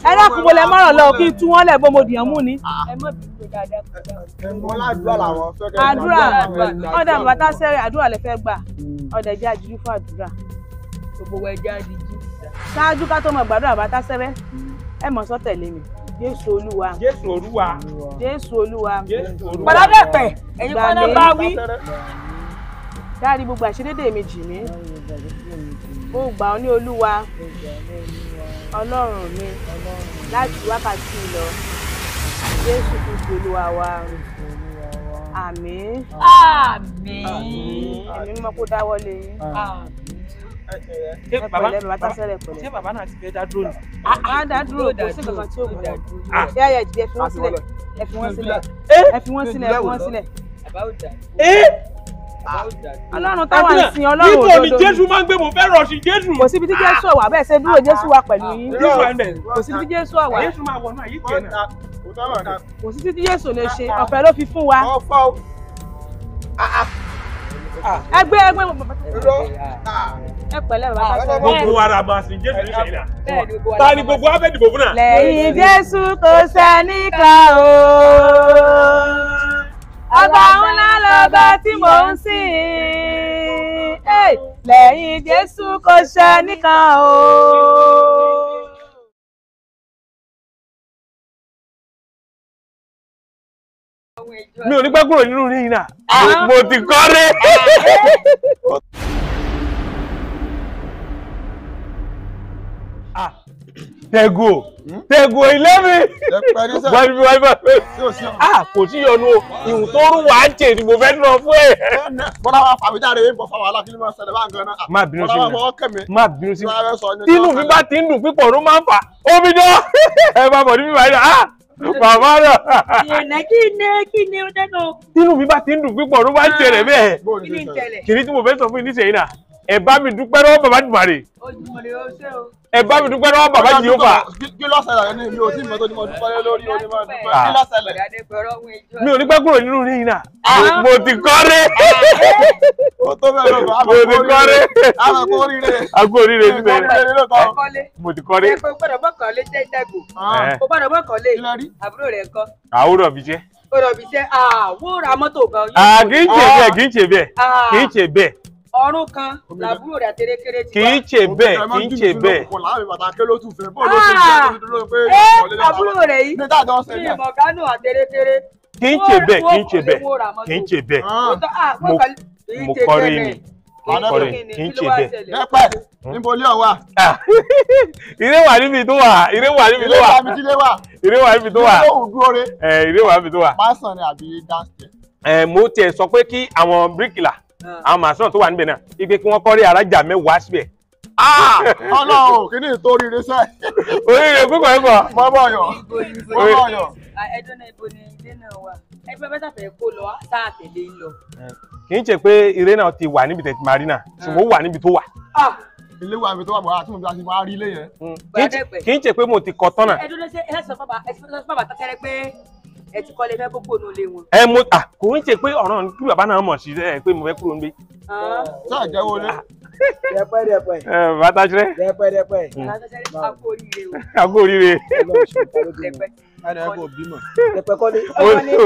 ẹ dákun mo lẹ mọ̀rọ̀ lọ kí tú wọn lẹ bó mo dìyàn mú ni. Ah. ẹ mọ̀ bí mo dáadáa. mo ládùúrà làwọn fẹ́ kẹ́ àdúrà ọ̀dà bàbá tásẹ̀rẹ̀ àdúrà lẹ fẹ́ gbà mm. ọ̀dà ẹ̀jẹ̀ àjíjú fún àdúrà. gbogbo ẹ̀jẹ̀ àjíjú. ṣáájú ká tó mọ̀ gbàdúrà bàbá tásẹ̀rẹ̀ mm. ẹ mọ̀ sọ́tẹ̀lé mi jésù olúwa jésù olúwa jésù olúwa jésù olúwa pàdádẹ́pẹ̀ ẹ̀yin kọ́ náà bá wí dárí gbogbo àṣedédé mi jì mí mo gbà ọ́ ní olúwa ọlọ́run mi láti wákàtí lọ jésù kristu olúwa wa àmín àmín ẹ̀mí mímọ́ kó dáwọ́lé yín ṣé bàbá ṣé bàbá náà ti fẹ́ dá dúró ni. a dá dúró kò sí kankan tí ó mú un ah. yá yá ẹ fi wọ́n sílẹ̀ ẹ fi wọ́n sílẹ̀ ẹ fi wọ́n sílẹ̀ ẹ fi wọ́n sílẹ̀. ọlọ́run táwọn ń sin ọlọ́run òdodo níbo ni jésù máa ń gbé mo fẹ́ rọ̀ṣì jésù. kò síbi tí jésù ọ̀wà bẹ́ẹ̀ ṣe dúró jésù wa pẹ̀lú yín kò síbi tí jésù ọ̀wà kò síbi tí jésù lè ṣe ọ̀fẹ́ ló fi fún wa. Ah, ẹgbẹ́ ẹgbẹ́ mo bàbá tó ẹ pẹ̀lẹ́ bàbá tó ah, gbogbo ara máa sin jésù ní sẹ́yìn ta ni gbogbo abẹ́ dìbò fún náà. lẹ́yìn jésù kò sẹ́ni kan o ọba ńlá lọ́ba tí mò ń sìn lẹ́yìn jésù kò sẹ́ni kan o. mi ò ní pẹ́ kúrò nínú yìí náà ah. mo ti kọ́ dé. Ah. Ah. tẹ́gù o hmm? tẹ́gù o ilé mi wáyé wáyé wáyé ah kò sí yọnu o ìhùn tó rún wàá jẹ ni mo fẹ́ nà fún ẹ. bọ́lá wa fàmí dáre bọ́ fà wà lákìlì máa ṣẹlẹ̀ báyìí gan-an má bínú sí mi má bínú sí mi tínú mi bá ti ń dùn pípọ̀ ló máa ń fà omi náà ẹ bá bọ̀ níbi báyìí náà ah. Bàbá náà. Kí ni kí ni ó dẹ́nu? Tínú mi bá ti ń dùn pípọ̀ ló bá ń ṣẹlẹ̀ bẹ́ẹ̀. Kí ni ìṣẹ̀lẹ̀? Kìrì tí mo fẹ́ sọ fún yín níṣẹ̀yìn náà ẹ bá mi dúpẹ́ lọ́wọ́ bàbá dùmàrè ẹ bá mi dúpẹ́ lọ́wọ́ bàbá yìí ó fà. kí ló ṣẹlẹ̀ ní mi ò tí ì mọ̀ tó ní mo dúpẹ́ lórí oní máa dúpẹ́ ah. kí ló ṣẹlẹ̀. mi ò ní pẹ́ kúrò nínú yìí náà mo ti kọ́ré. mo ti kọ́ré. àgbo oríire ti bẹ̀rẹ̀ mo ti kọ́ré. ẹ gbọ́dọ̀ mọ́kànlé jẹ́ ìtẹ́gùn Mo ah. gbọ́dọ̀ mọ́kànlé àbúrò rẹ̀ kọ́. àwòrán mi jẹ́. àwòrán mi jẹ́ àwòrán mọ́tò gan-an. kì í ṣe bẹ́ẹ̀ kì í ṣe bẹ́ẹ̀ kì í ah. ṣe bẹ́ẹ̀ ọ̀run kan làbúrò rẹ̀ àtẹ̀rẹ̀kẹ̀rẹ̀ ti wá. kì í ṣe bẹ́ẹ̀ kì í ṣe bẹ́ẹ̀. ẹ àbúrò rẹ̀ yìí ní ìmọ̀gánù àtẹ̀rẹ̀kẹ̀rẹ̀. kì í ṣe bẹ́ẹ̀ kì í ṣe bẹ́ẹ̀ kì í ṣe bẹ́ẹ̀ mo kọrí ni mo kọrí kì í ṣe bẹ́ẹ̀. lẹ́pẹ́ níbo ilé ọ̀wà. ire wà níbi tó wà ire wà níbi tó wà ire wà níbi tó wà eh, ire wà níbi tó wà. máa sàn ni àbí dáńsì. Eh, mo tiẹ̀ sọ pé kí àwọn bíríkìlà Ah. àwọn màsán tó wà níbẹ̀ náà ipe kí wọ́n kọ́ rí arájà mẹ́wàá síbẹ̀. Ah, ọlọ́run kí ni ìtòrí rẹ sẹ́ẹ̀. oríire púpọ̀ ẹ̀ pọ̀. mọ́ bọ̀ yọ̀ mọ́ bọ̀ yọ̀. ẹjọ́ náà ibo ni ilé náà wà ẹgbẹ́ bẹ́tà fẹ́ kó lọ a tẹ̀lé ń lọ. Eh, kì í ṣe pé eré náà ti wà níbi tẹ̀tí marina ṣùgbọ́n ó wà níbi tó wà ah. ilé wa mi tó wà bọ̀ àti mo bí a ti ilé yẹn. Hmm. kì í ṣe pé mo ti kọ tán náà. Eh, ẹ dúró ṣe ẹ sọ fún ẹ ti kọ́lé fẹ́ kókó nu ilé wọn. ẹ mo kò ń ṣe pé ọ̀ràn kí bàbá náà mọ̀ sí ẹ pé mo fẹ́ kúrò níbí. sáà jẹ́ wọlé. dẹ́pẹ́ dẹ́pẹ́. bàtà ṣẹlẹ̀. dẹ́pẹ́ dẹ́pẹ́. Hmm. bàtà ṣẹlẹ̀ àgbo oríire o. àgbo oríire. dẹ́pẹ́ ara kò bímọ. pẹpẹ kọ́lé.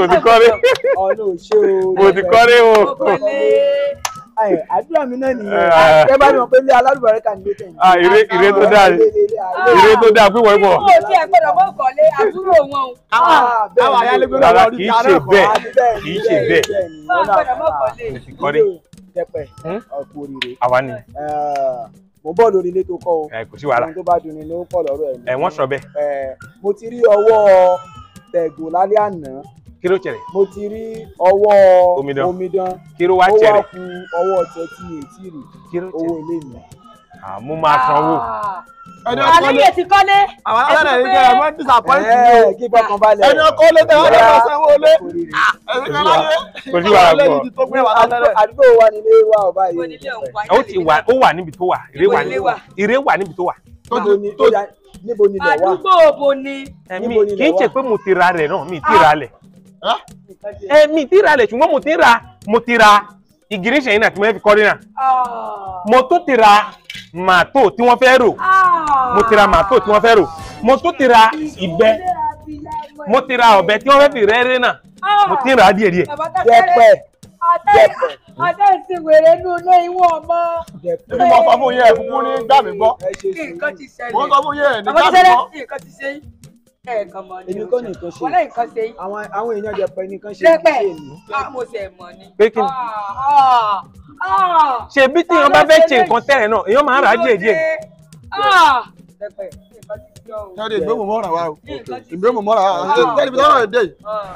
o ti kọ́lé. ọ̀nà òṣèré o. o ti kọ́lé o àdúrà mi náà nìyẹn ah. ẹ bá mi mọ̀ pé ilé alárùbárẹ́ kà ah, ń gbé tẹ̀yìn. ire ah, ire tó dáa ire tó dáa pé wọ́n bọ̀. mo ti ẹ̀ gbọ́dọ̀ mọ́ ìkọ̀lé àbúrò wọn o. àwọn ayálégbé náà lọ rí ara kọ̀ á ní bẹ́ẹ̀ kì í ṣe bẹ́ẹ̀. mo gbọ́dọ̀ mọ́ ìkọ̀lé. tẹpẹ ọkọ hmm? rire. àwa ni eh, mo bọ́ lórí ilé tó kọ́ o. ẹ eh, kò sí wàhálà ohun tó bá dunni ló pọ̀ lọ́rọ̀ ẹ̀. ẹ eh, wọ́n sọ bẹ́ẹ̀. mo ti rí ọwọ́ tẹ̀gùn lálẹ́ àná kí ló ṣẹlẹ̀. mo ti rí ọwọ́ omidan omidan kí ló wá ṣẹlẹ̀ ó wá ku ọwọ́ tẹ́tí ètí rè owó ilé mi. àmú máa sanwó. àlejò ah. ti kọ́lé. àwọn alára yìí kẹ́ra mọ́ disappoint mi. Eh, kí gbọ́kàn balẹ̀. ẹni ọkọ lé tẹ wọn lè máa sanwó lé. kò sí wàhálà gbọ́. àdúgbò wa ni ilé wa ọba yìí. ó ti wà ó wà níbi tó wà ìrè wà níbi tó wà níbo ni ilẹ̀ wà. àdúgbò bo ni. níbo ni ilẹ̀ wà. kì í ṣe pé mo ti ra rẹ̀ náà mi ti ra rẹ̀ èmi eh, ti ra lẹ̀ ṣùgbọ́n mo ti ra mo ti ra ìgìrìṣẹ́ yìí náà tí mo fi kọ́rí náà ah. mo tún ti ra màtó tí wọ́n fẹ́ rò ah. mo ti ra màtó tí wọ́n fẹ́ rò mo tún ti ra ìbẹ mo ti ra ọ̀bẹ tí wọ́n fẹ́ fi rẹ́rẹ́ náà ah. mo ti ra díẹ̀ díẹ̀ yẹpẹ Adé ti wèrè ní ilé ìwọ ọmọ. Ibi mo sọ fún yẹn fún ní gbà Mo sọ fún yẹn ní gbà ẹ̀ẹ̀kan mọ̀ ni o wọ́n lẹ́yìn kan ṣe àwọn èèyàn jẹpẹ nìkan ṣe kí ṣe ah, mo ṣe mọ̀ ni. pé kí ni ah, ah, ṣèbí tí èèyàn bá fẹ́ ṣe nǹkan tẹ̀rẹ̀ náà èèyàn máa rà á díẹ̀ díẹ̀. Tọ́lá ìgbé mò mọ́ra wa o. Ìgbé mò mọ́ra wa. Tẹ́lifí tọ́lá ìdè yìí.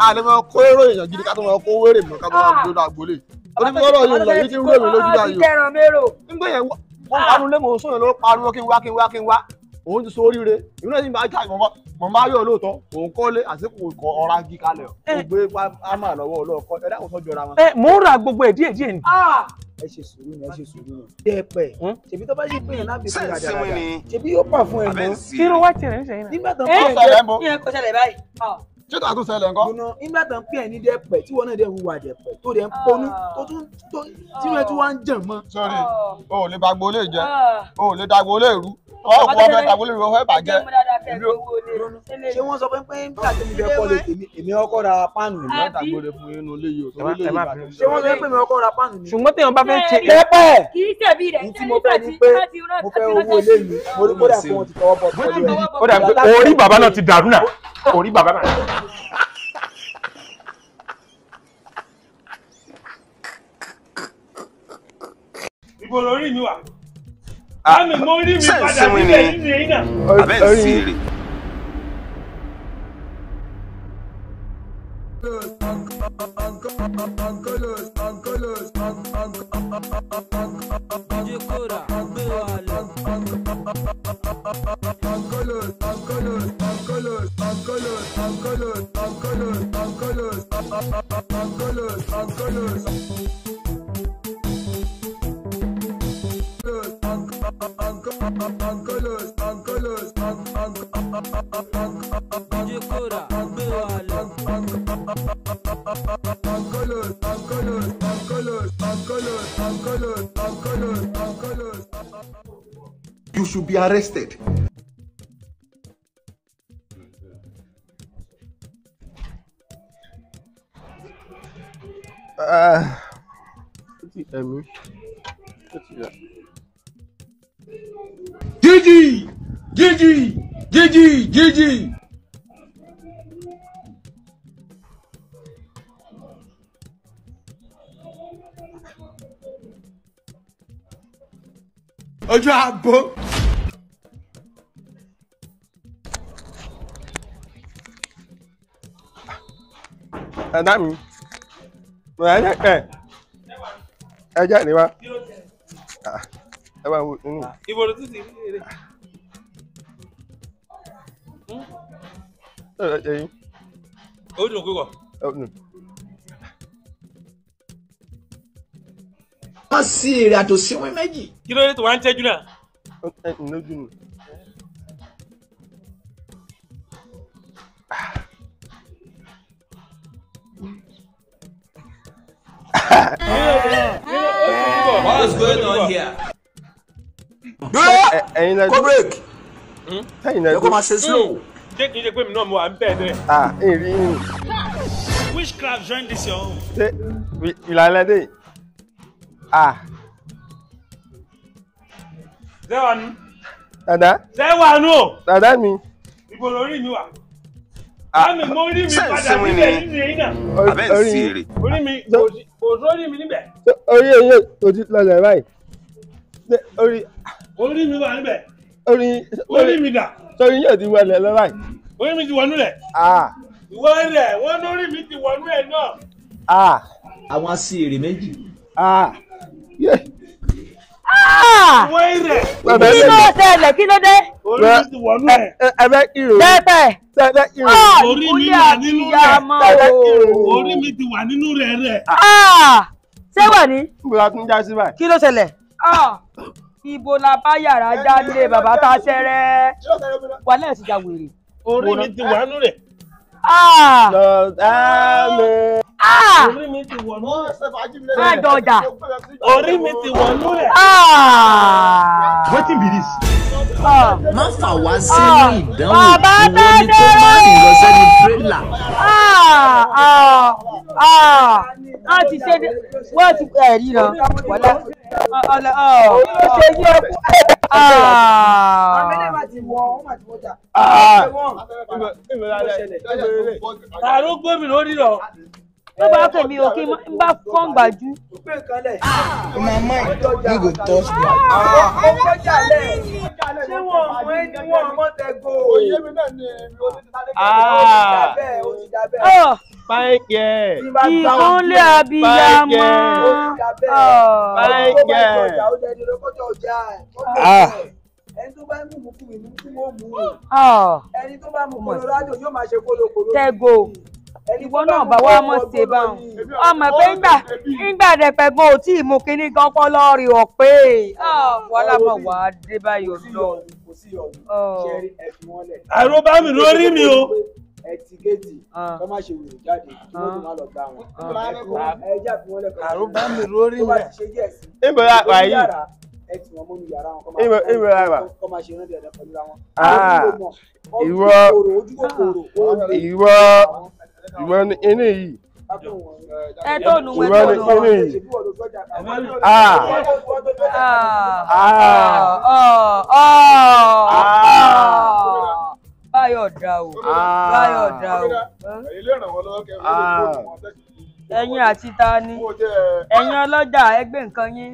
Àlè máa kó èrò èèyàn gidi ká tó máa kó wéré mọ́ ká tó máa gbé lọ àgbólé. Tọ́lifí tọ́lá yìí lọ yìí ti ń rò mí lójú ayò. Nígbà òun ti so oríire ìrúnà yìí máa jáde mọ̀ máa yọ̀ lóòótọ́ òun kọ́lé àsìkò ikọ̀ ọ̀rá gí kalẹ̀ ò eh. gbé ámà lọ́wọ́ ọlọ́ọ̀kọ́ ẹ̀dá kò sọ́jọ́ ra wọn. ẹ eh, mò ń ra gbogbo ẹ̀ díẹ̀ ni. Ah! ẹ ṣe sùúrù ni ẹ ṣe sùúrù ni. dẹ́pẹ̀ hmm? ṣèbí tó bá yí pé yẹn láti fi ràdà ràdà ṣèbí yóò pà fún ẹ mọ́. kí wá tirẹ̀ ń eh, ah. tó ń pè é ṣé tó àtúnṣe ẹlẹ nǹkan. tí wọn náà dẹ̀ hùwà dẹ̀pẹ̀ tó dẹ̀ ń ponú ah. tó tún tí wọn tún wá ń jàn mọ́. sọ́ọ̀rì o ò lè dàgbò jẹ o ò lè dàgbò rú ọkọ ọmọ ẹta wọlé rẹ ọfẹ bàjẹ́ ṣé wọ́n sọ pé pé nígbà tí mi fẹ́ kọ́lé tèmi èmi ọkọ ra páànù mi láti agbóore fún inú ilé yìí òtò ilé yìí bàjẹ́ ṣé wọ́n sọ pé mi ọkọ ra páànù mi. ṣùgbọ́n téèyàn bá fẹ́ ṣe pẹ́pẹ́ ní tí mo fẹ́ ni pé mo fẹ́ owó ilé mi mo rí kódà fún wọn ti tọwọ́ bọ̀ pẹ̀lú ẹ̀. orí bàbá náà ti dàrú náà orí bàbá náà. ìbò lórí mi wà àmì ah, mo rí mi padà nílé yìí yìí náà. abẹ́ ń sí rè. Uncle, uncle, uncle, uncle. You should be arrested. Uh, what is Gigi! Gigi! Gigi! Gigi! Ojú àbò. Ẹ dá mi. Ẹ jẹ́ ẹ. Ẹ jẹ́ ìdíwá ẹ bá wo inú. Ah, ibo tún ti rí eré. Hmm? ẹyin. o dùn púpọ̀. ẹ dùn. wọ́n sí èrè àtò síwín méjì. kí ló dé tó wá ń tẹ́jú náà. ẹ ẹ lójú ah. nù. What's going on here? kó break ẹ kó máa ṣe slow. ṣé kì í ṣe pé mi náà mo wà ń bẹ̀ dẹ. ah èrì yìí. witchcraft join this your own. ṣé ìlànà dé ah. zẹ́wà ni. dada. zẹ́wà ni o. dada mi. ìbò lórí mi wà àmì mo rí mi padà níbẹ̀ nílé iná. abẹ́ ń sí èrè. orí mi kò sórí mi níbẹ̀. orí eyín òtítọ́ lẹ̀ báyìí. orí orí mi wà níbẹ̀. orí orí mi dà. sori yóò ti wọlé lọ báyìí. orí mi ti wọnú rẹ̀. ìwọ rẹ̀ wọ́n lórí mi ti wọnú ẹ̀ náà. àwọn asi èrè méjì. ìwọ rẹ̀. kí ló ṣẹlẹ̀ kí ló dé. orí mi ti wọnú ẹ̀. ẹbẹ ìròyìn. bẹ́ẹ̀ tẹ́lẹ̀ ìròyìn. Ah, orí mi wà nínú rẹ̀ tẹ́lẹ̀ ìròyìn. orí mi ti wà nínú rẹ̀ rẹ̀. Ah, ṣé wà ní. kí ló ṣẹlẹ̀. Ah ibo la bá yàrá jáde bàbá tá a ṣẹrẹ wà lẹ́yìn ti wèrè. orí mi ti wà nù rẹ̀. Ah! Ah! orí mi ti wọ̀nú ẹ̀. má jọ ọjà. orí mi ti wọ̀nú ẹ̀. wetin be this. má fà wá sínú ah! ìdánwò ah, ìwọ ni tó má rìn lọ sẹ́ni tírélà. wọ́n ti ṣe wọ́n ti ẹ̀rí ràn wọ́lá. ó ṣe yí ọkú. Àrùn gómìnà ó rí rọ̀ ló bá kẹ́ mi ò kí n bá fọ́n gbàjú. mama you go touch ṣé wọn ọmọ ẹ ní wọn tẹ go òye mi náà ni èmi ti dábẹ́ ò ah. ti dábẹ́. Báyìíkẹ́. Ìkúnlẹ̀ abiyamọ. Ah. Báyìíkẹ́. Báyìíkẹ́ ah. ẹni tó bá mú mú kú mi mú ẹni tó bá mú kó lọ yóò máa ṣe kólókòló. tẹ́gò ìwọ náà bá wá mọ̀ ṣe báwọn ọmọ pé ńgbà ńgbà dẹ̀pẹ̀ gan ò tí ì mú kinní gan kọ́ lọ́ọ̀rì ọ̀pẹ́ ah, wàhálà mọ̀ wá dé báyìí lọ. Oh. àìró bá mi lórí mi o ẹtìgéètì ah. kọ́ má ṣe wèrè jáde kí wọ́n tún má lọ gbà wọ́n. Ah. ẹja fi wọ́n lẹ́kọ̀ọ́. àrùn bá mi lórí rẹ̀. tó bá ti ṣe díẹ̀ sí i. ìbò àgbà yìí. ẹtì wọn mọ́nu yàrá wọn kọ́ máa ṣe rántí ẹ̀dá pẹ̀lú ra wọn. ìwọ ìwọ ìwọ ni ẹni yìí. ẹ tó nu wẹ tó nu wọn. Ah, ah, ah. báyọ̀ dà o báyọ̀ dà o. ẹ̀yin àti ta ni ẹ̀yin ọlọ́jà ẹgbẹ́ nǹkan yín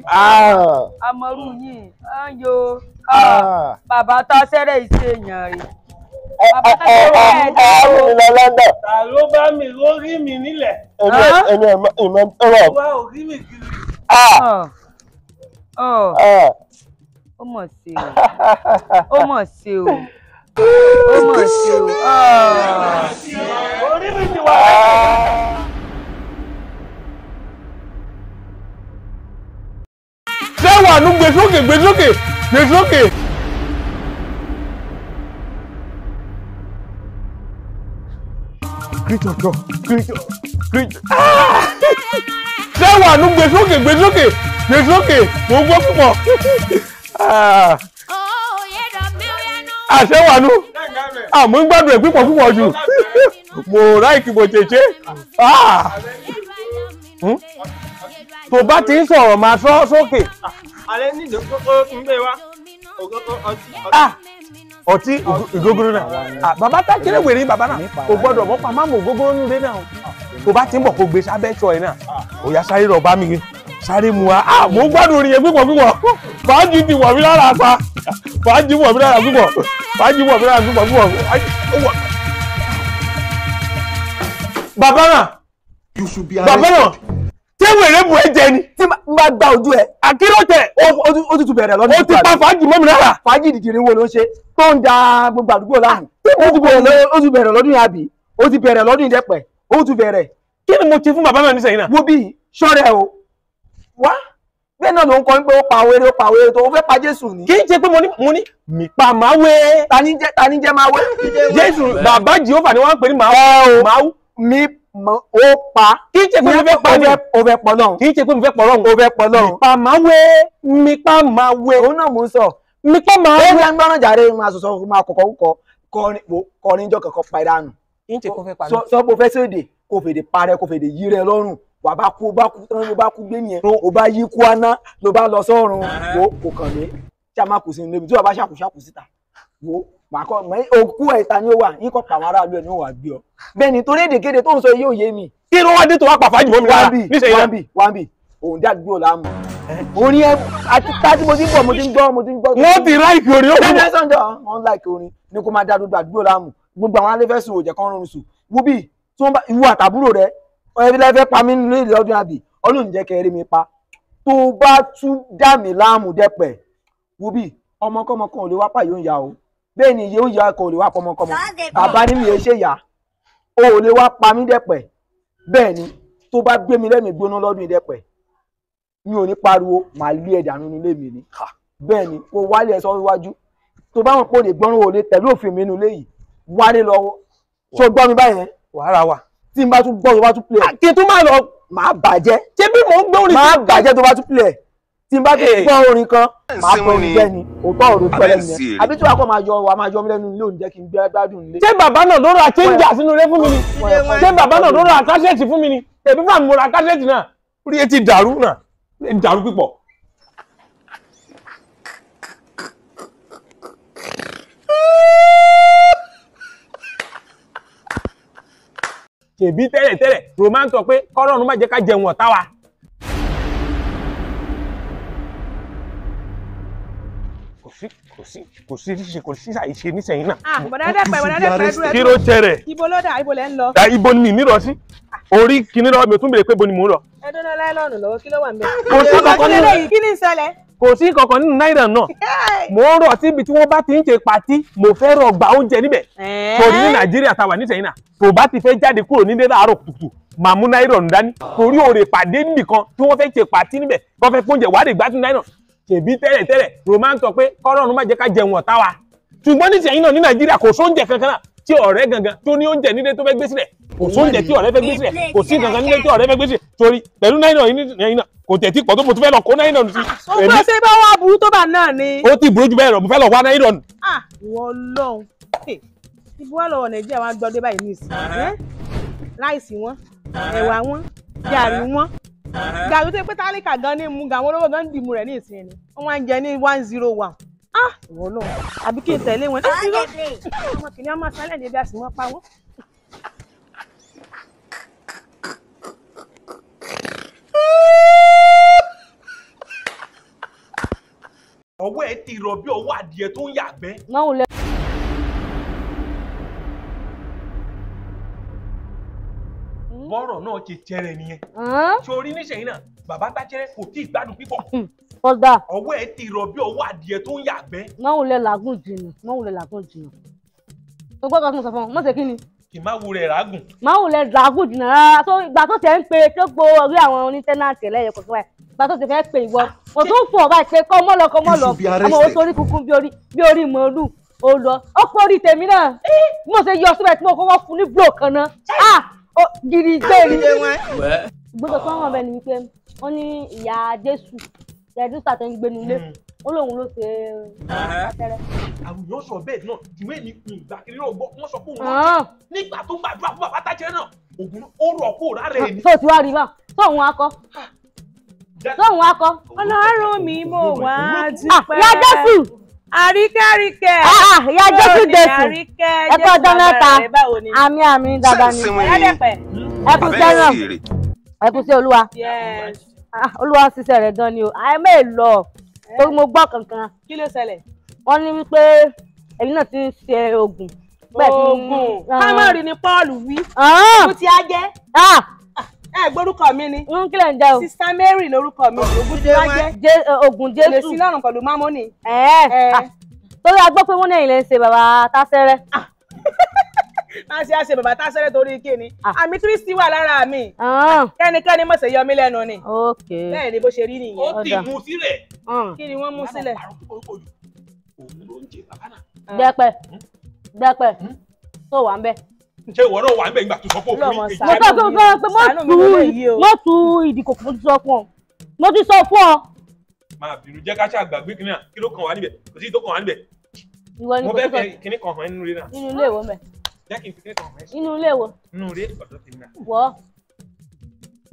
amọ̀rú yìí ayo bàbá tá a sẹ́rẹ̀ ìṣe èèyàn rè ọ̀rọ̀ mi lọ London. ta ló bá mi ló rí mi nílẹ̀. èmi èmi ìmọ̀ ọ̀rọ̀. wá ò rí mi kiri. ó mọ̀ sí o ó mọ̀ sí o ó mọ̀ sí o. orí mi ti wà láti. sẹ́wọ̀n àánú gbèsókè gbèsókè gbèsókè. creature jọ creature creature. sẹ́wọ̀n àánú gbèsókè gbèsókè gbèsókè mò ń gbọ́ púpọ̀. àṣẹwọ̀n àánú àmọ́ ń gbádùn ẹ̀ púpọ̀ púpọ̀ jù mo ráìkì mo Ah! Hmm? To ti ń sọ̀rọ̀ máa sọ sókè. àlẹ́ ni ó ń gbé wa Ah! ọtí ògógóró náà ah, bàbá tá kéré wèrè bàbá náà kò gbọ́dọ̀ mọ pa máàmù ògógóró nílé náà kò bá ti ń bọ̀ kó gbé sábẹ́ sọ ẹ náà òyà ah. sáré rọ bá mi sáré mu wa ah mò ń gbádùn orin yẹn púpọ̀ púpọ̀ fàájì ti wọ̀ mí lára pa fàájì wọ̀ mí lára púpọ̀ fàájì wọ̀ mí lára púpọ̀ púpọ̀. bàbá náà bàbá náà tẹ́wọ̀ èrèbù ẹ jẹ ni. tí n bá gba ojú ẹ. àkíró tẹ. o ti tún bẹ̀rẹ̀ lọ́dún. ó ti pa fàájì mọ́mi lára. fàájì dìdìrín wo ló ṣe tó ń da gbogbo àdúgbò láàmú. ó ti bẹ̀rẹ̀ lọ́dún yẹn àbí ó ti bẹ̀rẹ̀ lọ́dún yẹn dẹ́pẹ̀ ó ti bẹ̀rẹ̀. kí ni mo ti fún bàbá mi nísìnyí náà. wo bí sọ́rẹ́ o wá bẹ́ẹ̀ náà ló ń kọ́ pé ó pa wéré ó pa wéré tó ó fẹ́ pa jésù ni. kì í ṣe pé mo ní mo ní mi pa máa wé. ta ni jẹ́ ta ni jẹ́ máa wé. jésù bàbá jehova ni wọ́n ń pè ní máa wú. mi ó pa kí n ṣe pé mo fẹ́ pa lọ́hùn o fẹ́ pọ̀ lọ́hùn kí n ṣe pé mo fẹ́ pọ̀ lọ́hùn ó fẹ́ pọ̀ lọ́hùn mipa máa wé mipa máa wé òun náà mò ń sọ mipa máa wé. ó ń gbọ́ràn jàre máa sọ̀sọ́ máa kọ̀kọ́ kọ kọrin jọ kọ̀kọ́ pa ìdánù. kí n ṣe kó fẹ́ pa lọ́hùn. sọ pé o fẹ́ sèdè kó fèdè parẹ́ kó fèdè yí rẹ lọ́rùn wà bá kú bá kú tán ló bá kú gbé nìyẹn ló bá yí kú aná ló bá lọ sọ́run wo kò kàn mí ṣá má kù sí ní lébi tí wàá bá ṣàkóṣàkó síta wo wà kọ́ mọ́ òkú ẹ̀ ta ni ó wà yín kọ́ pàwọn aráàlú ẹ̀ ní òwà gbé ọ. bẹ́ẹ̀ ni torí èdèkéde tó ń sọ yóò yé mi. kí ló wá dé tó wá pàfà jù mọ́ mi lára níṣẹ́ yẹn. wambi wambi òun dá gbó la mú. orin ẹ àti tàbí mo ti ń bọ̀ mo ti ń gbọ́ mo ti ń gbọ́. wọ́n ti láìkì orin ó kú. ṣé ṣé wọ́n láìkì orin ni kó máa dá gbogbo àdúgbò la mú gbogbo àwọn alẹ́fẹ̀sùn òjẹ̀ kan rọrùn sùn wúbì tí wọ́n bá ìwọ àtàbúrò rẹ ẹbí lẹ́fẹ́ pa mí nínú ilé ọdún àbí ọlọ́run jẹ́ kẹrin mi pa tó bá tún dà mí láàmú dẹ́pẹ̀ wúbì ọmọkọ́mọ kan ò lè wá pàyó ń ya o bẹ́ẹ̀ ni iye oúnjẹ akọ ò lè wá pọmọkọmọ bàbá ní mi ò ṣe yá o ò lè wá pa mí dẹ̀pẹ̀ bẹ́ẹ̀ ni tó bá gbé mi lẹ́mìí gbóná lọ́dún ìdẹ̀pẹ̀ mi ò ní pariwo màá lé ẹ̀dà nínú ilé mi ni bẹ́ẹ̀ o kò wálé ẹ̀ sọ́wọ́ iwájú tó bá wọn pò lè gbọ́n ò lè tẹ̀lé òfin mi nínú ilé yìí wálé lọ́wọ́ tó gbọ́ mi báyẹn wàhálà wà tí n bá tún gbọ́ tó bá tún pilẹ̀. àti tó máa lọ máa bàjẹ́ ṣé bí mò ń gbóhùn ní. máa bàjẹ́ tó bá tún pilẹ̀ tí n bá ti gbọ́ orin kan máa kọ orin bẹ́ẹ̀ ni òótọ́ ọ̀rọ̀ tó lẹ́nu yẹn àbí tí wàá kọ́ máa yọ wàá máa yọ mí lẹ́nu ilé òun jẹ́ kí n gbé gbádùn ilé. ṣé bàbá náà ló ra chéńjà sínú ilé fún mi ni ṣé bàbá náà ló ra kásẹ̀tì fún mi ni èmi fà mo ra kásẹ̀tì náà orí etí dàrú náà dàrú pípọ̀. ṣèbí tẹ́lẹ̀ tẹ́lẹ̀ romanto pé kọ́rọ́ọ̀nù má jẹ́ ká jẹun ọ̀tá wa kò sí kò sí ṣíṣe kò sí àìṣe nísẹ̀yìn náà. ah bọ̀dá dẹ́pẹ́ bọ̀dá dẹ́pẹ́ dúró kí ló tẹrẹ. ibo ló dà ibo lẹ ń lọ. ibo ni mi ní lọ sí orí kìíní lọ mi ò tún béèrè pé bo ni mò ń lọ. ẹ dúró láìlọ́ọ̀nù lọ́wọ́ kí ló wà ń bẹ. kò sí kankan nínú kí ni ìṣẹ̀lẹ̀. kò sí kankan nínú náírà náà mò ń rọ̀ síbi tí wọ́n bá ti ń ṣe pàtí mo fẹ́ rọ̀ gba oúnjẹ níbẹ̀ torí ní nàìjíríà tàwa nísẹ̀yìn náà tó bá ti fẹ́ jáde kúrò nílé láàárọ̀ kùtù màmú náírà ń dání torí òòrè pàdé nìkan tí wọ́n fẹ́ ṣe pàtí níbẹ̀ kọ́ fẹ́ wàá lè gbádùn náírà ṣèbí tẹ́lẹ̀ tẹ́lẹ̀ roman tọ pé kọ́rọ́ọ̀nù má jẹ́ ká jẹun ọ̀tá wa ṣùgbọ́n ní sẹ́yìn náà ní nàìjíríà kò sóúnjẹ kankan náà tí ọ̀rẹ́ gangan tó ní oúnjẹ nílé tó fẹ́ gbé sílẹ̀ kò sóúnjẹ tí ọ̀rẹ́ fẹ́ gbé sílẹ̀ kò sí gangan nílé tí ọ̀rẹ́ fẹ́ gbé sílẹ̀ torí pẹ̀lú náírà yìí náà kò tẹ̀tí pọ̀ tó mo tún fẹ́ lọ kó náírà nù sí. ó gbọ́ ṣe bá wà burú tó bá náà ni. ó Uh-huh. ga tó pé tálíkà gan ni mu gàwọn olówó gan dìmú rẹ̀ ní ìsìn ni wọ́n wá ń jẹ ní one zero one ah ìwọ náà àbí kí n tẹ̀lé wọn ọmọ kìnìún máa sálẹ̀ àsìmọ́ pa ọwọ́ ẹ ti rọ bí ọwọ́ adìẹ tó ń yàgbẹ́. bọ́rọ̀ náà ti tẹrẹ nìyẹn. sori níṣẹ́yìn náà bàbá gbàjẹrẹ kò tí ì gbádùn pípọ̀. kódà ọwọ́ ẹ ti rọ bí ọwọ́ adìẹ tó ń yàgbẹ́. mọ̀wùlẹ̀ làágùn jìnnà mọ̀wùlẹ̀ làágùn jìnnà. o gbọ́dọ̀ kí n sọ fún ọ mọ̀ sí kí ni. kì má wulẹ̀ ràágùn. má wulẹ̀ làágùn jìnnà rárá tó ìgbà tó tẹ̀ ń pe tó gbó orí àwọn onítẹ́nàtì ẹlẹ́yẹ kọ̀ọ̀kan báyìí ìgbà tó ti fẹ́ pe ìwọ kò tó ń fún ọ báyìí pé kọ́ mọ́ mo ṣe yọ mo kọ́kọ́ fún ní blo gidi gbèrè. gbogbo kan wọn bẹ ni wípé wọn ní ìyá jésù jésù tàtẹ ń gbénu lé hmm. ó lóun ló ṣe àtẹrẹ. àwùjọ sọ bẹ́ẹ̀ náà jùmọ èmi ìgbà kiri náà gbọ́ wọn sọ pé òun náà ah. nígbà tó gbàdúrà fún bàbá tájẹ náà ògùn ó rọ kó rà rẹ ni. tó ti wá rí bá tóun akọ tóun ah. akọ. ọlọ́run mi mo wá ah, dúpẹ́. ìyá jésù. Ah, àríkẹ́ríkẹ́. Ah, ìyá jésù jésù ẹ kọ́ ọjọ́ mẹ́ta àmì àmì dáadáa ni ẹ kú sẹ́yìn ẹ kú sí olúwa ah, olúwa ṣiṣẹ́ rẹ̀ gan ni o àìmọ́ èlò eh? torí mo gbọ́ kankan. kí ló ṣẹlẹ̀. wọ́n ní wípé èyí náà ti ń ṣe oògùn. oògùn ká má rí ni paul wí. mo ah. ti á jẹ́ ẹ gbórúkọ mi ni. n kílẹ̀ ń jẹ́ o. sista Mary lórúkọ mi ògùn tí wá jẹ́. ògùn eh, jésù. èlè sí lọ́rùn pẹ̀lú mámónì. torí a ah, gbọ́ pé wọ́n ní ẹ̀yìn lè ṣe bàbá tásẹ́rẹ́. Ah. a ṣe a ṣe bàbá tásẹ́rẹ́ torí kí ni. Ah. àmì Kristi wà lára mi. kẹ́nikẹ́ni mọ̀ ṣe yọ mí lẹ́nu ni. bẹ́ẹ̀ ni bó ṣe rí nìyẹn. ó ti mú sílẹ̀. kí ni wọ́n mú sílẹ̀. dẹ́pẹ́ dẹ́pẹ́ hmm? hmm? tó wà ń bẹ́ẹ̀ ṣé ìwọ náà wà ń bẹ̀ nígbà tó sọ pé òkú ìkejì. mo sọ pé mo tu ìdìkò mo ti sọ fún ọ mo ti sọ fún ọ. máa bínú jẹ́ ká ṣàgbàgbé kìnìà kí ló kàn wá níbẹ̀ kò sí ìtò kàn wá níbẹ̀. ìwọ ni kò tó kàn kìnì kan hàn nínú ilé náà. nínú ilé ìwọ mẹ. jẹ́ kí n fi kìnì kan ilé ìwọ. nínú ilé ọ̀dọ́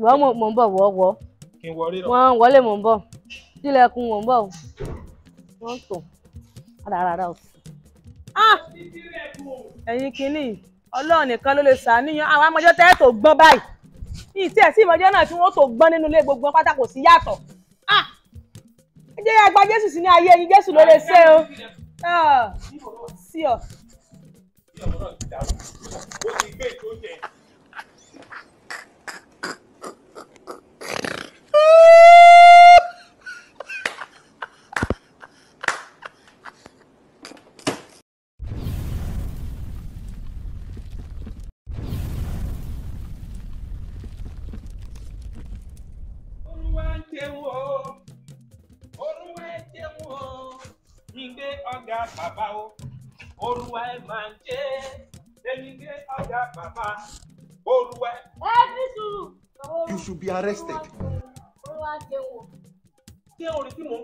wọ́ mo ń bọ̀ wọ́ wọ́. kí n wọlé lọ. wọ́n wọlé mo ń bọ̀ sílẹ̀kùn mo ń bọ̀ wọ́n tò ah! ẹ̀yin kìnìún ọlọ́run nìkan ló lè ṣàníyàn àwọn amọ̀jọ́ tẹ́ tó gbọ́n báyìí ìtí ẹ̀ sí ìmọ̀jọ́ náà tí wọ́n tó gbọ́n nínú ilé gbogbo pátá kò sí yàtọ̀ ah! ẹ jẹ́ agba jésù sí ní ayé yín jésù ló lè ṣe o ah! sí ọ. You should be arrested. Ṣé orin tí mò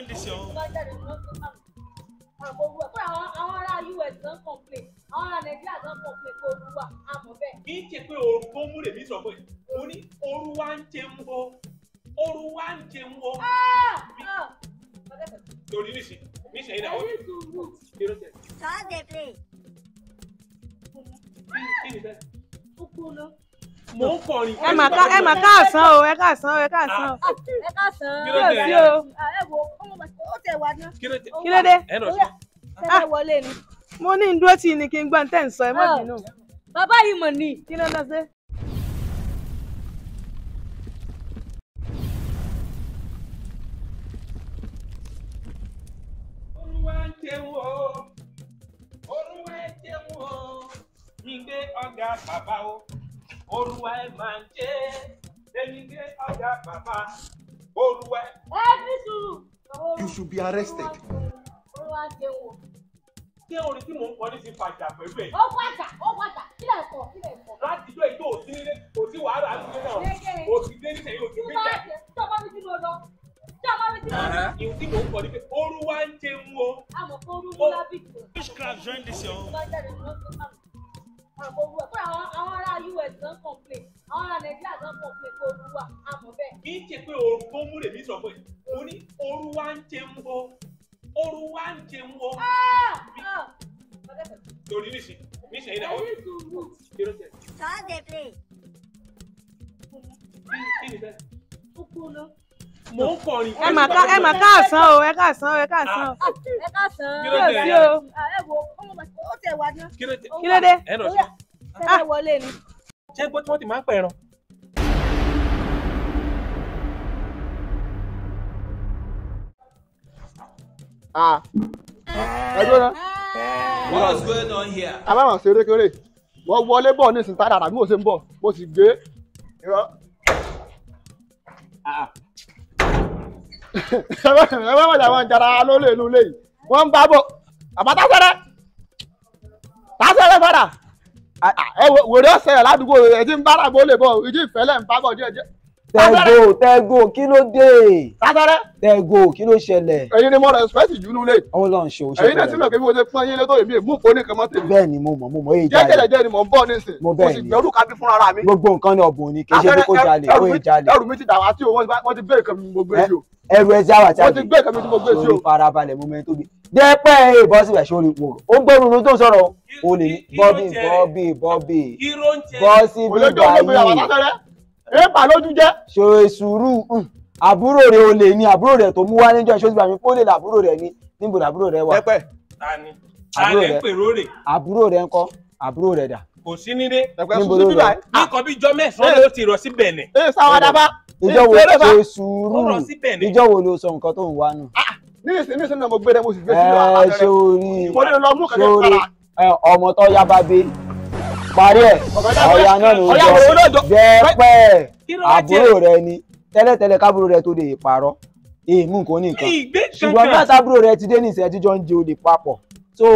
this year? àkókò pé àwọn àwọn ará US gan complain àwọn ará Nàìjíríà gan complain pé ooru wà àmọ́ bẹ́ẹ̀. kì í ṣe pé ooru tó mú rèmí sọ pé mo ní ooru wa ń jẹ ń bo ooru wa ń jẹ ń bo. torí nísìnyí nísìnyí náà ó ti dúró jẹ. sọ́ọ́ de play. kí ni bẹ́ẹ̀. ó kú lọ mo ń kọrin. ẹ mà ká ẹ mà káàsán o ẹ káàsán o ẹ káàsán o. Ah, ah. ẹ káàsán kí ló dé ẹ ah, wo ó tẹ wá ná. kí ló dé ẹ lọ sí. sẹ́dá wọlé ni. mo ní ndúró tí ni kí n gbọ́ tẹ́ ń sọ ẹ má bínú. bàbá yìí mọ̀ ni. kí ló lọ sí. olúwa ń jẹun o olúwa ń jẹun o ìgbé ọgá bàbá o olúwa ẹ máa ń ṣe èmi ọjà bàbá olúwa. ẹ fi sùúrù. you should be arrested. olúwa ṣe wò. ṣé orin tí mò ń kọ ti fàjà pẹ̀lú ẹ̀. ó fàjà ó fàjà kílẹ̀ kọ̀ kílẹ̀ kọ̀. láti jọ ìjọ òsín nílé kò sí wàhálà nílé náà òsì dé nílé yóò ti gbé jáde. tí o bá mi sínú ọdọ tí o tí mò ń kọ ní pé olúwa ń ṣe ń wo. àmọ̀ kó olúwa bí. which class join this year àmọ́ ah, òwúwa pé àwọn àwọn ará US gan complain àwọn ará Nàìjíríà gan complain pé òwúwa àmọ́ bẹ́ẹ̀. kì í ṣe pé ooru tó mú lèmi sọ pé mo ní ooru wa ń jẹ ń wo wa ń jẹ ń ah, ah. torí nísì nísì yìí náà ó sọ́ọ́ de play. kí ni bẹ́ẹ̀. ó kú lọ mò ń kọrin. ẹ mà ká ẹ mà káàsán o ẹ káàsán o ẹ káàsán o. ẹ káàsán o sí o. ẹ wo ó tẹ wá ná. kí ló dé. ẹ lọ sí. ṣé wọlé ni. ṣé gbọ́ tí wọ́n ti máa ń pẹ̀ràn. ah ẹ gbọ́dọ̀. what's going on here. aláwọ̀ ṣeré kéré wọ́n wọlé bọ̀ ní ìsìntàdà àbí mo ṣe ń bọ̀ mo sì gbé. ẹ bá wọn jara lólè lólè yìí wọn ń bá bọ àbátá sẹrẹ tásẹrẹ padà ẹ wòlé ọsẹ ládùúgbò ẹ ti ń bára bó lè bọ ìdí ìfẹlẹ ń bá bọ díẹ̀ díẹ̀ tẹ́gò tẹ́gò kí ló dé. sátẹ́rẹ́. tẹ́gò kí ló ṣẹlẹ̀. ẹ̀yin ni mo respect jù nílé. àwọn ló ń ṣe oṣù tẹ́lẹ̀. ẹ̀yin náà ti mọ̀ pé mo ṣe fún ẹyin lẹ́tọ̀ èmi mú kó nìkan mọ́ tèmi. bẹ́ẹ̀ ni mo mọ̀ mo mọ̀ èyí jalè. jẹ́jẹ̀lẹ̀ jẹ́ ni mo ń bọ̀ nísìn. mo bẹ́ẹ̀ ni mo sì gbẹ́rù kábí fúnra ra mi. gbogbo nǹkan ni ọ̀bùn ni kì í ṣe pé kó jalè ó yẹ jalè. ẹrù mi ti dàwà tí wọ́n ti bẹ́ẹ̀ kan mi mo gbé sí o ẹrù ẹsẹ àwọn àti àbí sórí farabalẹ̀ mọmọ tó bi dẹpẹ ìbọn síbẹ̀ sórí wò ó gbẹrun ló tó sọ̀rọ̀ o lè ní bọbí bọbí bọbí bọ síbí báyìí èèpà lójú jẹ́. ṣe sùúrù hmm. àbúrò rẹ olè ni àbúrò rẹ tó mú wá níjọ ìṣó ìgbà mi kó lè làbúrò rẹ ni níbo làbúrò rẹ wà. pẹpẹ tani àbúrò rẹ àbúrò rẹ ńkọ́ àbúrò rẹ dà. kò sí nílé níbo ló rẹ nǹkan bí jọ mẹ́sàn-án ló ti rọ sí bẹ̀nẹ̀. ẹ sáwọn adaba ìjọ wo ṣe sùúrù ìjọ wo ló sọ nǹkan tó ń wá nù. Ah, níbi ìsinmi náà mo gbé dẹ́ mo sì fẹ́ sílẹ̀ àbẹ̀rẹ̀ mo ní lọ parí ẹ̀ ọ̀yà náà ló jọ jẹ́pẹ́ àbúrò rẹ ni tẹ́lẹ̀tẹ́lẹ̀ kábúrò rẹ tó lè pààrọ̀ èèmù nǹkan nìkan ṣùgbọ́n náà tábúrò rẹ ti dé ní ìṣẹ́jú jọ ń jẹ olè papọ̀ so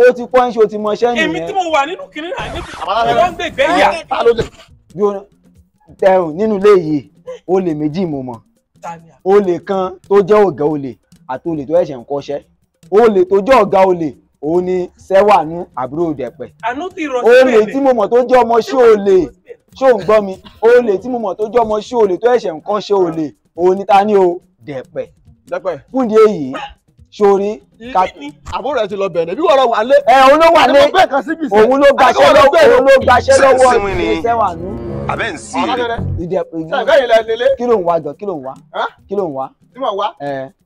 ó ti pọ́ ń ṣe o ti mọ iṣẹ́ nìyẹn. èmi tí mo wà nínú kìnìún náà ní ọjọ́ ń gbègbè ìyá. bí o tẹ̀hùn nínú ilé yìí olè méjì mo mọ̀ olè kan tó jẹ́ ọ̀gá olè àti olè tó ẹ̀ṣẹ̀ ń kọ́ṣẹ́ olè tó jẹ́ ọ̀gá olè òun ni sẹ́wàánú àbúrò dẹ̀pẹ̀ olè tí mo mọ̀ tó jẹ́ ọmọ ṣé olè ṣó ń gbọ́ mi olè tí mo mọ̀ tó jẹ́ ọmọ ṣé olè tó ẹ̀ṣẹ̀ nǹkan ṣe olè òun ni ta ni o dẹ̀pẹ̀ fún ìdí èyí sori kati. àbúrò ẹ ti lọ bẹ̀rẹ̀ bí wọ́n rọ wà lé. ẹ òun ló wà lé òun ló gbaṣẹ́ lọ́wọ́ òun ló gbaṣẹ́ lọ́wọ́ ìṣẹ́ wà nú. abẹ́ ń sí rẹ. ìdẹ̀pẹ̀ ìdí kí ló ń wá jọ kí ló ń wá. kí ló ń wá. tí wọ́n wá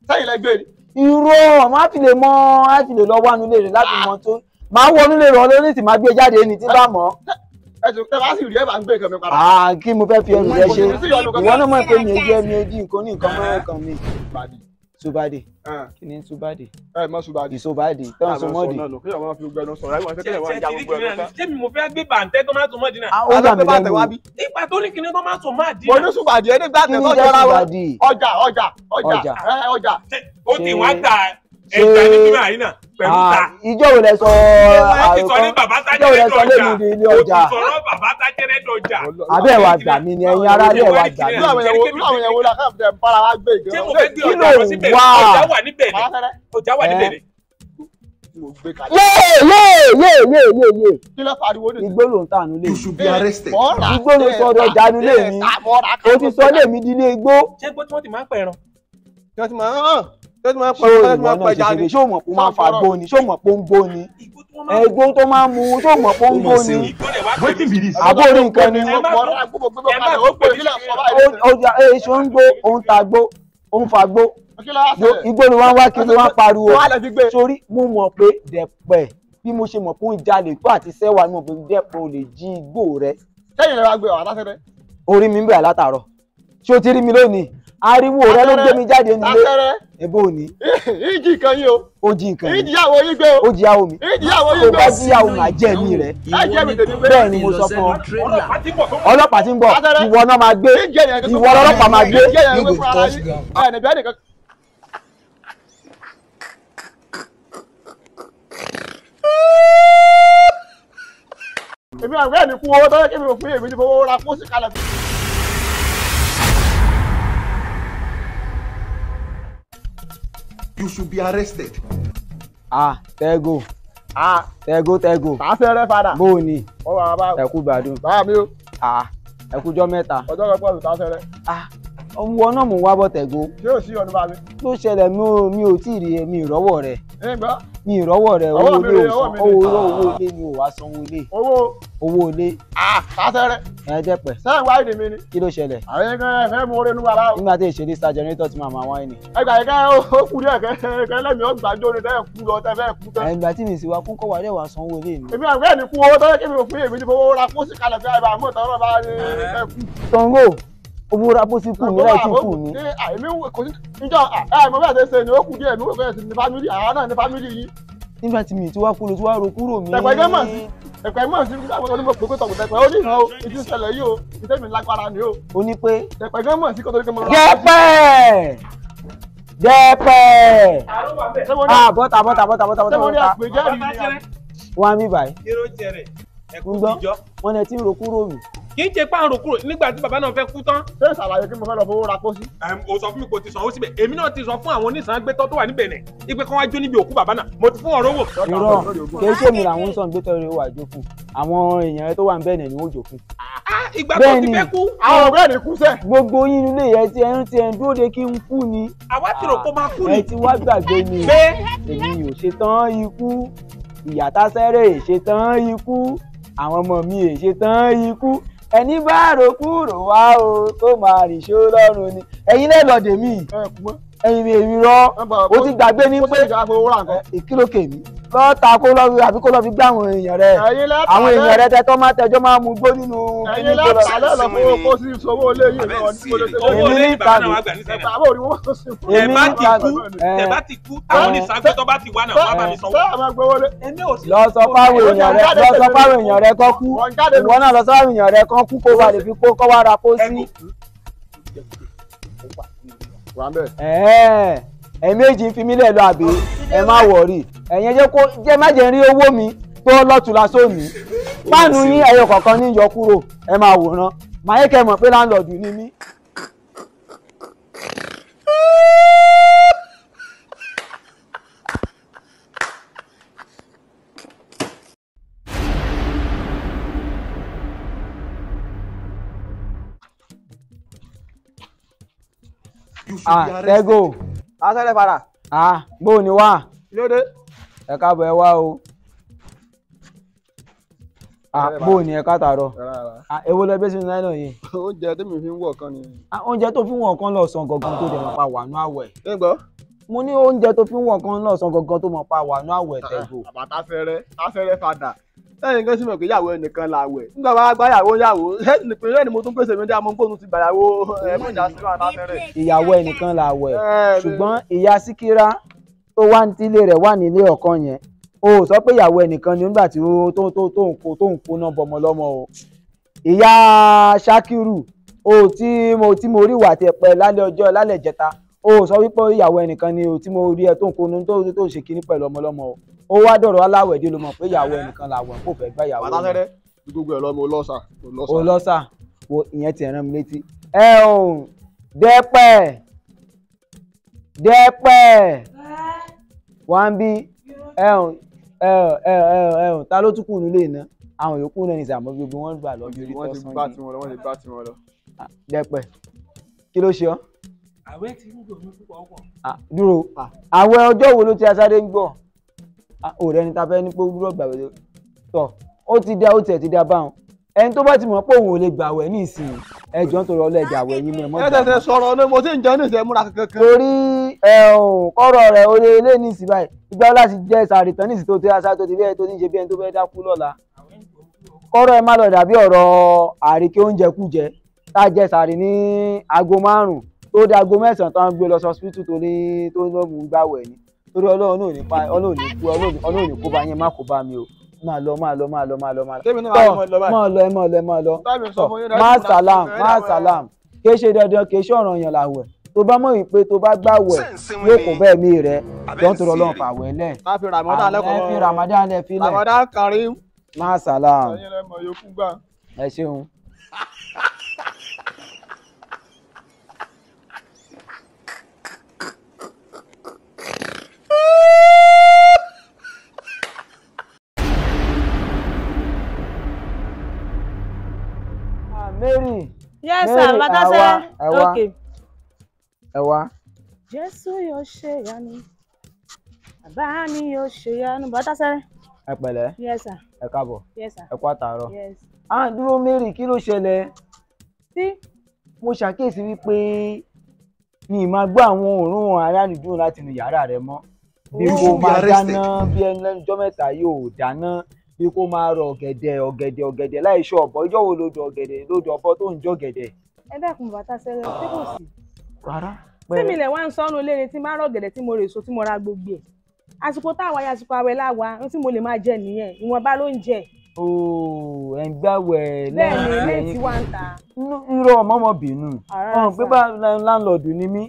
sẹ́yìn lẹ́gbẹ̀ẹ́ irọ́ má fi lè mọ á fi lè lọ wá nulẹ̀ rẹ̀ láti mọ tó máa wọ nulẹ̀ rẹ̀ ọlọ́run sì máa gbé e jáde ní tí bá mọ́. ẹsùn tẹ bá sì rí ẹ bá ń gbé nǹkan e mi padà. àà ah, kí mo fẹ́ fi ẹnu rẹ ṣe ìwọ náà mọ̀ pé mi ò jẹ́ mi ò di nǹkan ní nǹkan mọ́ ẹ̀kan mi subade ah. eh, ah, kí ni subade. ẹ mọ subade ìsobade tán sọmọdì. sẹ́mi mo fẹ́ gbé bàǹtẹ́ tó máa sọmọdì náà. Ah, ó gbà mí lẹ́nu ipa tó ní kíní tó máa sọmọdì. mo ní subade ẹni gbà tẹ̀ lọ́jọ́ ra ọjà ọjà ọjà ọjà. Eh, ó ti wá gbà ẹja ní bíbá yìí náà pẹ̀lú ah, ta. ìjọ wo lẹ sọ àròkọ ìjọ wo lẹ sọ lẹ́nu ní ilé ọjà abẹ́ wa gbà mí ni ẹ̀yin ara lẹ́ wa gbà mí. kí ló wà ọjà wà níbẹ̀ ni ọjà wà níbẹ̀ ni gbé kalẹ̀. yéé yéé yéé yéé yéé yéé. kí ló pariwo ní. igbó ló ń tà nílé. you should be arrested. igbó ló sọ ọdọ jáde lé mi. o ti sọ lé mi di ilé igbó. ṣé gbọ́dọ̀ tí wọ́n ti máa ń pẹ̀ràn. tí wọ́n ti máa ń hàn tó máa pọ̀ tó máa pọ̀ ìjà ni ṣó mọ̀ pé ó máa fa gbó ni ṣó mọ̀ pé ó ń gbó ni ẹgbó tó máa mu ṣó mọ̀ pé ó ń gbó ni àbórí nǹkan ni èso ń gbó ó ń ta gbó ó ń fa gbó igbó ni wọ́n wá kí ni wọ́n pariwo sórí mo mọ̀ pé dẹ̀pẹ̀ bí mo ṣe mọ̀ pé ó ń jalè tó àti sẹ́wà ni mo fi dẹ̀pẹ̀ ò lè jí igbó rẹ̀. sẹ́yìn rẹ̀ wá gbé ọ̀ orí mi ń bẹ̀rẹ̀ látàárọ̀ ṣé o ti rí mi lónìí ariwo rẹ ló gbé mi jáde nílé ẹbọ òní. ìjì kan yìí o. ó jí nǹkan mi. ìjìyàwó yín gbé o. ó jíyàwó mi. ìjìyàwó yín gbé o. kò bá jíyàwó mà jẹ́ mi rẹ̀. bẹ́ẹ̀ ni mo sọ fún ọ. ọlọ́pàá ti ń bọ̀ ìwọ náà máa gbé ìwọ ọlọ́pàá máa gbé. èmi àgbẹ̀ ẹ̀ ní kú owó tọ́jú kí mi ò fún èmi ní fowó ra pósí kalẹ̀ fún mi. you should be arrested. ah tẹ́gò ah tẹ́gò tẹ́gò. tàṣẹrẹ fada. bó o ní ẹkú gbádùn. báà mi o. ah ẹkú jọ mẹ́ta. ọjọ́ kan pọ̀ sí tàṣẹrẹ. ah ọwọ́ náà mò ń wá bọ̀ tẹ̀gó. ṣé o sí ọdún bá mi. tó ṣẹlẹ̀ mi ò tí ì rí mi ìrọ́wọ́ rẹ̀. ẹ gbọ́. mi ìrọ́wọ́ rẹ̀ owó ilé owó owó ilé ni ò wá sanwó ilé. owó. owó ilé. a sásẹ́rẹ́. ẹ jẹ́ pẹ̀. sẹ́yìn wáyé ni mi ni. kí ló ṣẹlẹ̀. àwọn ẹgbẹ́ fẹ́ mú orí inú wa láwọn. nígbà tí ìṣèlú star generator ti máa máa wáyé ni. ẹgbà yìí kẹ́ ó kú díẹ̀ kẹ́ lẹ́mìí ọgbà jóni tẹ́ kú lọ tẹ́ fẹ́ kú tẹ́. ẹgbà tí mi sì wá kú kọ́ wà dé wà sanwó ilé mi. èmi àgbẹ̀ ni kú owó tọ́jú kí mi ò fún èmi ní fowó ra kó sì kalẹ̀ fún àyè owó rábó sí kù ní láì tí kù ní. èmi kò sí njọ ẹ mo bẹ́ẹ̀ ṣe ṣe ni ó kù díẹ̀ ní òkè ẹ̀sìn ní fámílì àwa náà ní fámílì yìí. nígbà tí mi ti wá kúrò tí wá ro kúrò mi. ẹ̀pẹ̀ gẹ́mọ̀ sí ẹ̀pẹ̀ mọ̀ sí àwọn onímọ̀ pé kó tọ̀gbọ̀n tẹ̀pẹ̀ ó ní ìran o ìdí ìṣẹ̀lẹ̀ yìí o ìṣẹ́ mi lágbára ni o. o ní pé. ẹ̀pẹ̀ gẹ́mọ̀ sí kótó dẹ́pẹ́ bọ́tà bọ́tà bọ́tà bọ́tà bọ́tà wọ́n á mi báyìí ń gbọ́ wọ́n lẹ ti ń ro kúrò mi kì í ṣe páàrọ̀ kúrò nígbà tí bàbá náà fẹ́ kú tán. ṣé ìṣàlàyé kí mo fẹ́ lọ fowó ra kó sí. o sọ fún mi kò ti sanwó síbẹ̀ èmi náà ti sọ fún àwọn onísàngbétọ́ tó wà níbẹ̀ nẹ̀ ipe kan wá jó níbi òkú bàbá náà mo ti fún ọ̀rọ̀ wò. irọ́ kì í ṣèmi làwọn ń sàn gbétọ́ rẹ̀ wà jó fún àwọn èèyàn rẹ tó wà níbẹ̀ ni wọ́n jò fún. ìgbà tó ti fẹ́ kú. àwọn ọ̀rẹ́ rẹ̀ kú sẹ́. gbogbo yín nílé yẹn ti ẹnu ti ẹnu ni. àwa ti rò kó máa kú ni. ẹ ti wá gbàgbé ni èmi ò ṣetán ikú ìyá tá sẹ́rẹ̀ ṣetán ikú àwọn ọmọ mi ò ṣetán ẹni bá rò kúrò wá o tó máa rìṣó lọ́rùn ni ẹ̀yin lẹ́lọ́dẹ̀ mi. ẹ kú mọ́ ẹyin mi èmi rọ o ti gbàgbé ní pé ìkílókè mi lọ́ọ́ ta kó lọ́ fi àbí kó lọ́ fi gbá àwọn èèyàn rẹ àwọn èèyàn rẹ tẹ́tọ́ máa tẹjọ́ máa mú gbó nínú kíní tó lọ. alẹ́ lọ fún owó sí ìṣòwò ilé yìí lọ ní kó lè ṣe owó ilé ìgbà náà wà gbà ní sẹ́gbà. èmi ń ta mi ẹ̀ bá ti kú àwọn oníṣàgbẹ́ tó bá ti wà náà wà bá mi sanwó. lọ sọ fáwọn èèyàn rẹ lọ sọ fáwọn èèyàn rẹ kọ́ kú ìwọ náà lọ sọ fáwọn èèyàn rẹ kọ́ kú kó wà lè fi kó kọ́ wà ra kó sí wà ń bẹ̀. ẹ̀ẹ́ ẹ̀ méjì ń fi mí lẹ̀ lọ àbí ẹ má wọ̀ọ́rì ẹ̀yẹn jẹ́ kó jẹ́ má jẹ́ rí owó mi tó lọ́tùlá sóòní páànù yín ẹ̀yọ kọ̀ọ̀kan ní yọkúrò ẹ máa wòran màá yẹ kẹ́ mọ̀ pé láńlọ́ọ̀dù ni mí. you should ah, be arrested. lego ah, asọ́lẹ̀ fara. ah gbóò ni wá. lóde. ẹ káàbọ̀ ẹ wá o. ah gbóò ni ẹ káàtàrọ̀. ah èwo lẹ bẹ́sẹ̀ náírà yìí. oúnjẹ tó mi fi ń wọ̀ kan ni. ah oúnjẹ tó fi ń wọ̀ kan lọ sàn gangan tó dẹ̀ mọ́ pa wà nú àwẹ̀. ẹ gbọ́ mo ní oúnjẹ tó fi ń wọ̀ kan lọ́sàn gangan tó mọ̀ pa wà ní àwọ̀ ẹ̀tẹ́gbò. àbá táfẹ́rẹ́ táfẹ́rẹ́ fadà sẹ́yìn kan sì mọ̀ pé yàwó ẹnìkan là wẹ̀ nígbà wàá gba yàwó yàwó ìpínlẹ̀ ni mo tún pèsè mi dé amọ́ gbóhùn ti gbà yàwó ẹ̀ẹ́dẹ́gbẹ̀ta sí wà lábẹ́rẹ́. ìyàwó ẹnìkan là wẹ̀ ṣùgbọ́n ìyá síkírá tó wá ní tílé rẹ̀ wà nílé ọ̀kan yẹn o sọ pé ìyàwó ẹnìkan ni nígbà tí ó tó tó tó ń kó tó ń kóná bọmọ lọ́mọ o ìyá ṣákírù o tí mo tí mo rí wà tẹpẹ lálẹ́ ọjọ́ lálẹ́ jẹta o sọ wípé ìyàwó ẹnìkan ni o tí mo rí ẹ tó ń kóná tó tó ṣe kinní pẹ̀lú ọmọlọ́mọ o ó wá dọ̀rọ̀ aláwẹ̀ dé ló mọ̀ pé ìyàwó ẹnìkan làwọn kò fẹ́ gbá ìyàwó rẹ̀. gbogbo ẹ̀ lọ mo lọ́sà. o lọ́sà wo ìyẹn ti rán mi létí. ẹ ò dẹ́pẹ̀ dẹ́pẹ̀ wọ́n bí ẹ ò ẹ ò ẹ ò ẹ ò ta ló tún kù nílé iná àwọn yòókù náà ní ìsàmọ́ gbogbo wọn gbà lọ. wọ́n ti bá tiwọn lọ wọ́n ti bá tiwọn lọ. Ah, dẹ́pẹ̀ kí ló ṣe ọ́ àwẹ̀ ti ń gbòmí púpọ̀ pọ̀. Ah, dúró ah, àwẹ̀ ọjọ́ wo ló ti asáré ń gbọ́ ọ̀rẹ́ ni ta fẹ́ ní pé gbúdọ̀ gbàwẹ̀ tọ̀ ó ti dá ó tiẹ̀ ti dá báwọn ẹni tó bá ti mọ̀ pé òun ò lè gbàwẹ̀ ní ìsìn ẹjọ́ ń tọrọ ọlẹ́jà àwẹ̀ yín mọ́ ẹ tẹ̀sẹ̀ sọ̀rọ̀ ni mo ti ń jẹun ní ìsẹ̀ múra kankan. torí kọ́rọ̀ rẹ̀ o lè lé ní ìsìn báyìí ìgbà wo láti jẹ́ sàrì tán ní ìsìn tó ti aṣá tó ti bẹ́ẹ̀ tó ní ṣe bí ẹni tó fẹ́ dákú lọ́la. kọ́rọ̀ ẹ má lọ dàbí ọ̀rọ̀ àríkè oúnjẹ kújẹ tá a jẹ sàrì ní aago márùn-ún tó dé aago mẹ́sàn-án tó ń gbé lọ sọ́sibítù tó ní tó ń lọ́ọ́ gbàwẹ̀ ni torí ọlọ́run náà ní pa ọlọ́run ní kú ọlọ́run ní kó bá yẹn má kó bá mi o máa lọ máa lọ máa lọ máa lọ máa lọ tọ máa lọ ẹ máa lọ ẹ máa lọ tọ máa sàlám máa sàlám kìí ṣe dandan kìí ṣe ọ̀ràn yàn làwẹ̀ tó bá mọ̀ yìí pé tó bá gbàwẹ̀ yóò kó bẹ́ẹ̀ mí rẹ̀ jọ́n tó lọ́ọ́ fàwẹ̀ lẹ̀ ẹ fi Ramadan lẹ fi lẹ̀ máa sàlám ẹ ṣeun. Mary yes sir Badasẹ́ okay. ẹ Okay. Ewa. yóò ṣe ìyanu bàbá mi yóò ṣe ìyanu Badasẹ́. ẹ yes sir ẹ yes sir Ekwataro. yes. Ah, ń dúró Mary kilo ló ṣẹlẹ̀. mo ṣàkíyèsí wípé mi ì máa gbọ́ àwọn òórùn aládùúgbò láti inú yàrá rẹ mọ́ bí mo máa dáná bí ẹni lẹ́nu jọ́ mẹ́ta yóò dáná bí kò máa rọ ọ̀gẹ̀dẹ̀ ọ̀gẹ̀dẹ̀ ọ̀gẹ̀dẹ̀ láì ṣe ọ̀bọ wo lódò ọ̀gẹ̀dẹ̀ lódò ọ̀bọ tó ń jọ gẹ̀dẹ̀. ẹ dákun bàtà sẹrẹ ṣé kò sí. rárá pẹ́ẹ́rẹ́ tí mi lẹ̀ wá ń sọ́nu léèrè tí máa rọ ọ̀gẹ̀dẹ̀ tí mo rè so tí mo ra gbogbo ẹ̀ àsìkò táwa yà àsìkò àwẹ̀ láwa ohun tí mo lè máa jẹ nìyẹn ìwọ̀nba ló ń jẹ. ooo ẹ̀ ń gbàwẹ̀ lẹ́yìn lẹ́yìn irọ́ ọmọ ọmọ bínú ọ̀hún pé bá láńlọ́ọ̀dù ni mí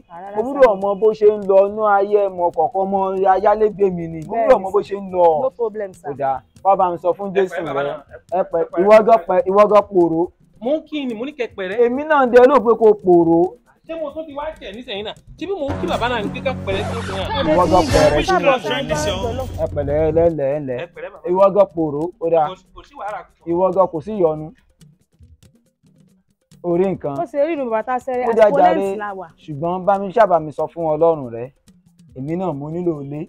mo ọmọ bó ṣe ń lọ inú ayé ọmọ kọ̀ọ̀kan ọmọ ayálégbé mi ni mo ọmọ bó ṣe ń lọ. no problem sir wọ́n bá mi sọ fún jésù rẹ ẹpẹ ìwọ́gọ́pẹ ìwọ́gọ́pòrò. mo ń kí ni mo ní kẹpẹ rẹ. èmi náà dé olóògbé kò pòrò. ṣé mo tún ti wá tẹ̀ nísìnyí náà ṣé bí mo ń kí bàbá náà ní kíkẹ́ pẹ̀lẹ́ tó ṣe hàn. ìwọ́gọ́pẹ̀rẹ̀ ẹpẹ̀lẹ́ lẹ́lẹ́lẹ́ ìwọ́gọ́pòrò ó dáa ìwọ́gọ́ kò sí ìyọnu orí nǹkan ó ṣe rí ìlú bàtà sẹrẹ àti polẹ́ǹtì la wà. ṣùgbọ́n bámi ṣàbàmì sọ fún ọlọ́run rẹ èmi náà mo nílò ilé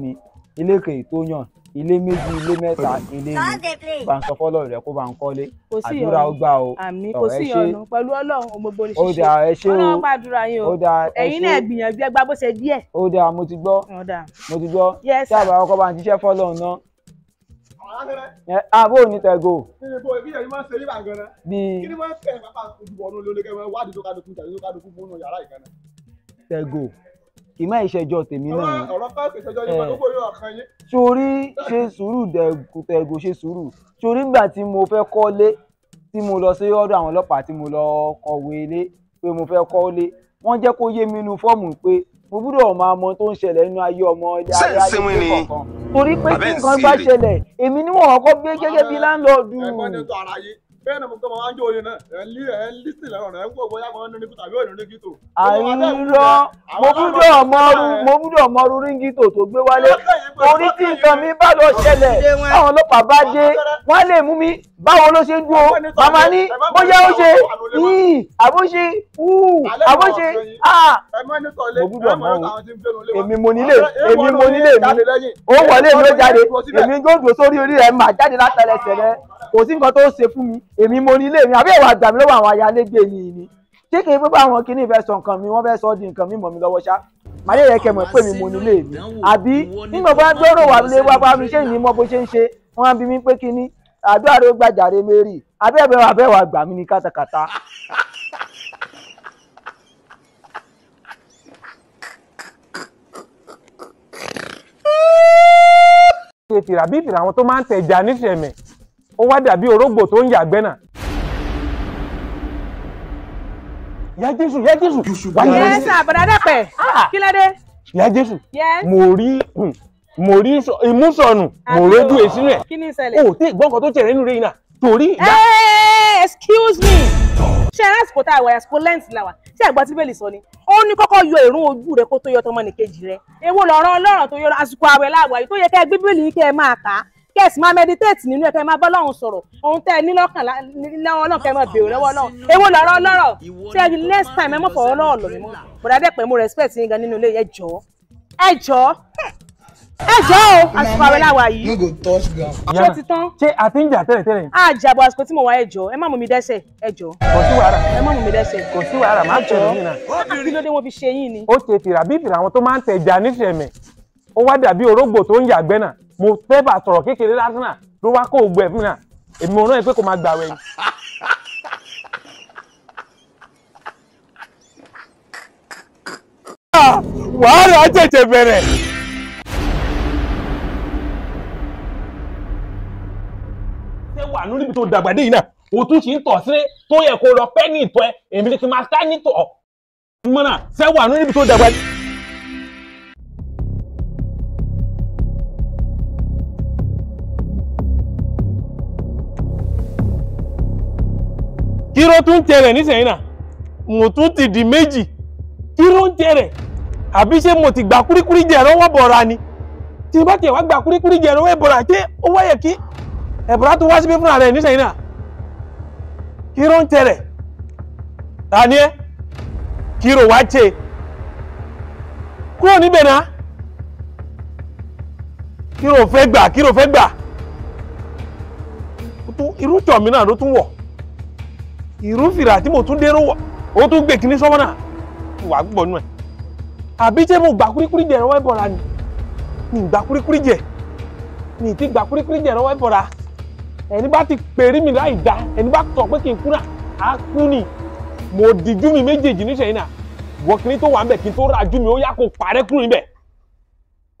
mi ilé kèyí tó yàn ilé méjì ilé mẹ́ta ilé mi bá ń sọ fọ́lọ́run rẹ kó bá ń kọ́lé àdúrà ó gbà o àmín kò sí ìyọnu pẹ̀lú Ọlọ́run òmògbò ní ṣíṣe Ọlọ́run gbàdúrà yín o ẹ̀yin náà gbìyànjú ẹgbà bó ṣe díẹ̀. ó dáa mo ti gbọ́ mo ti gbọ́ tí àbá ọkọ bá ń jíṣẹ́ fọ́lọ́run náà àbó ní tẹ̀gò. ìbò ìbílẹ̀ yìí máa ń ṣe yíba gan-an. bí kí ni wọ́n fẹ́ bàbá ojúbọ ọ̀nà olólùkẹ́ wọn wádìí tó kádùkú tàbí tó kádùkú fún yàrá ìkànnà. tẹ̀gò kì í má ìṣẹ́jọ́ tèmi náà. ọ̀rọ̀ fáàkì ìṣẹ́jọ́ yóò máa gbogbo yóò kàn yín. sórí ṣe sùúrù dẹ̀gò ṣe sùúrù sórí ìgbà tí mo fẹ́ kọ́lé tí mo lọ sí ọ̀dọ̀ àwọn ọlọ́pàá tí mo lọ kọ̀wé lé pé mo fẹ́ kọ́lé wọ́n jẹ́ kó yé mi inú fọ́ọ̀mù pé mo gbúdọ̀ máa mọ tó ń ṣẹlẹ̀ nínú ayé ọmọ ayé ayé kọ̀ọ̀kan torí pé tí nǹkan bá ṣẹlẹ̀ bẹ́ẹ̀ náà mo gbọ́ máa wá ń jó orin náà ẹ̀ ń lí àìrọ mo múdò ọmọru mo múdò tó gbé wálé orí tí nǹkan mi bá lọ ṣẹlẹ̀ báwọn ọlọ́pàá bá dé wọ́n lè mú mi báwo ló ṣe ń dúró màmá ní bóyá ó ṣe yìí àbóṣe wúù àbóṣe áà mo gbúdọ̀ mọ o èmi mo nílé èmi mo nílé mi ó wọlé mi ó jáde èmi gbọ́dọ̀ sórí orí rẹ̀ mà jáde látàlẹ́sẹ̀ rẹ̀ kò sí nǹkan tó ṣe fún mi èmi mo ní ilé mi àbí ìwà àgbà mi lọ́wọ́ àwọn ayálégbé yìí ni kí kì í pípa àwọn kìíní fẹ́ sọ nǹkan mi wọ́n fẹ́ sọ di nǹkan mi mọ̀ mi lọ́wọ́ ṣá màdé yẹ kẹmọ̀ pé mi mo nílé mi àbí nígbà bá gbọ́rọ̀ wà lé wá bá mi ṣé ìní mọ́ bó ṣe ń ṣe wọ́n á bí mi pé kíní àdúrà ló gbàjàre mary abẹ́ẹ̀bẹ́ wà bẹ́ẹ̀ wà gbà mí ní kátàkátà. ṣe tìràbí tìrà tó máa ń tẹja níṣẹ̀mẹ̀ ó wá dàbí orógbò tó ń yàgbẹ́ náà. ìyá jésù ìyá jésù wà ní ẹsẹ. yẹ́sà bọ̀dá dẹ́pẹ̀ kí ló dé. ìyá jésù mo rí hmm, mo rí ìmúsọnù mo rójú èsì rẹ̀ o tí ìgbọ́nkọ tó tẹ̀rẹ̀ nínú rẹ̀ yìí náà torí ìyá. excuse me ṣe ẹ lásìkò tá a wà àsìkò lẹ́ǹtì làwà tí ẹ̀gbọ́n tí bẹ́ẹ̀lì sọ ni ó ní kọ́kọ́ yọ ìrún ojú rẹ kó tó yọ tọmọ nìkejì rẹ èwo lọ̀rọ̀ ọlọ́rọ̀ tó yọ àsìkò àwẹ̀ láàwọ̀ yìí tó yẹ kẹ́ gbé bíbélì yìí kẹ́ ẹ máa kà á kẹ́sì máa meditate nínú ẹ̀ kẹ́ máa bọ́ lọ́hùn sọ̀rọ̀ ohun tẹ́ ẹ ní lọ́kàn lọ́wọ́ náà kẹ́ máa béèrè lọ́wọ́ náà èwo lọ́rọ̀ lọ́rọ̀ ṣé ẹni next time ẹ mọ̀ fọwọ́ lọ́wọ́ lọ mímọ́ bọ̀dá dẹ́ pé mo respect yín gan nínú ilé ẹ jọ ẹ jọ ẹ jọ o àsìkò àwẹ̀ làwà yìí ṣé ti tán ṣé àti ń jà tẹ́lẹ̀ tẹ́lẹ̀. a jàbọ̀ àsìkò tí mo wà ẹ jọ ẹ má mú mi dẹ́sẹ̀ ẹ jọ. kò sí wàhálà ẹ má mú mi dẹ́sẹ̀. kò sí wàhálà má tẹ̀ mí kí ló dé wọn fi ṣe yín ni. ó ṣe tìrà bí tìrà àwọn tó máa ń tẹ̀ jà níṣẹ̀mẹ̀ ó wá dàbí orógbò tó ń yàgbẹ́ náà mo fẹ́bà sọ̀rọ̀ kékeré lásán náà ló wá kó ògbó ẹ̀ fún mi náà èmi ò náà pé kò máa gbàwẹ̀ ni. wàhálà tètè bẹ̀rẹ̀. ṣé wà nínú ibi tó dàgbà dé yìí náà o tún ṣì ń tọ̀ sílé tó yẹ kó lọ pẹ́ ní ìtọ́ ẹ èmi ni kí n máa sá ní tọ̀ ọ́ mọ́nà ṣé wà nínú ibi tó dàgbà dé. kíró tún tẹrẹ nísìnyí náà mo tún ti di méjì kíró ń tẹrẹ àbí ṣé mo ti gba kúríkúrí jẹ lọ́wọ́ bọra ni tí bá tiẹ̀ wá gba kúríkúrí jẹ lọ́wọ́ ìbọra ṣé ó wáyẹ kí ẹbọra tó wá síbi fúnra rẹ̀ nísìnyí náà kíró ń tẹrẹ ta ni ẹ kíró wá ṣe kúrò níbẹ̀ náà kíró fẹ́ gbà kíró fẹ́ gbà irú tọ̀ mi náà ló tún wọ̀ ìrúfìrà tí mo tún dérò wọ̀ ó tún gbé kínní sọ́wọ́n náà ìwà gbọ́ nù ẹ̀ àbí tí mo gbà kúríkúrí jẹ̀ lọ́wọ́ ìbọ̀ra ni mi gbà kúríkúrí jẹ̀ mi ti gbà kúríkúrí jẹ̀ lọ́wọ́ ìbọ̀ra ẹni bá ti pèrí mi láì dá ẹni bá tọ̀ pé kí n kú náà á kú ni mo dijú mi méjèèjì níṣẹ́ yìí náà wọ́n kínní tó wà ń bẹ̀ kí n tó rajú mi ó yá kó parẹ́ kúrò níbẹ̀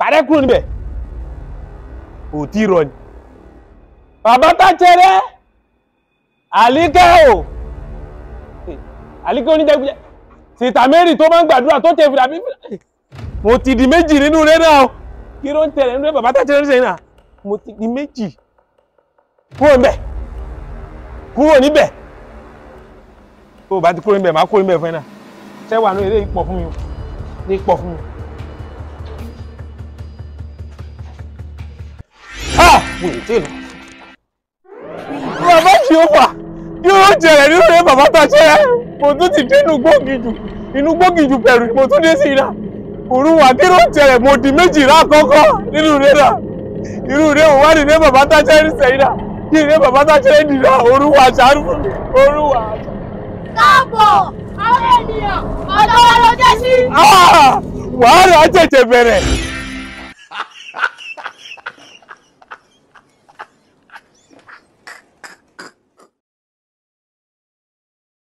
parẹ́ kúrò níbẹ̀ òtí rọ ni bàbá tá a tẹ́rẹ́ àlíkẹ́ o àlíkẹ́ oníjẹkújẹ sìtà mary tó máa ń gbàdúrà tó tẹ fìlà bí mo ti di méjì nínú rẹ náà kí ló ń tẹ̀lé nínú rẹ bàbá tá tẹ̀lé sẹ́yìn náà mo ti di méjì kúrò níbẹ̀ kúrò níbẹ̀ tó o bá ti kúrò níbẹ̀ máa kúrò níbẹ̀ fún ẹ náà sẹ́wà ní eré ìpọ̀ fún mi ní ìpọ̀ fún mi. ah mo ì tí ì lọ. bàbá tí ó fà yóò jẹrẹ nínú rẹ bàbá tàṣẹ mo tún ti dé inú gbòógì jù inú gbòógì jù pẹ̀lú mo tún dé sí i náà òrùwà kí ló jẹrẹ mo di méjì rà kọ́kọ́ nínú rẹ náà irú rẹ ò wá nílé bàbá tàṣẹ ní sẹ́yìn náà kí ilé bàbá tàṣẹ ní náà òrùwà ṣàánú fún mi òrùwà. káàbọ̀ àwọn ènìyàn ọ̀dọ́ wa ló jẹ́ sí. Ah! wàhálà tètè bẹ̀rẹ̀.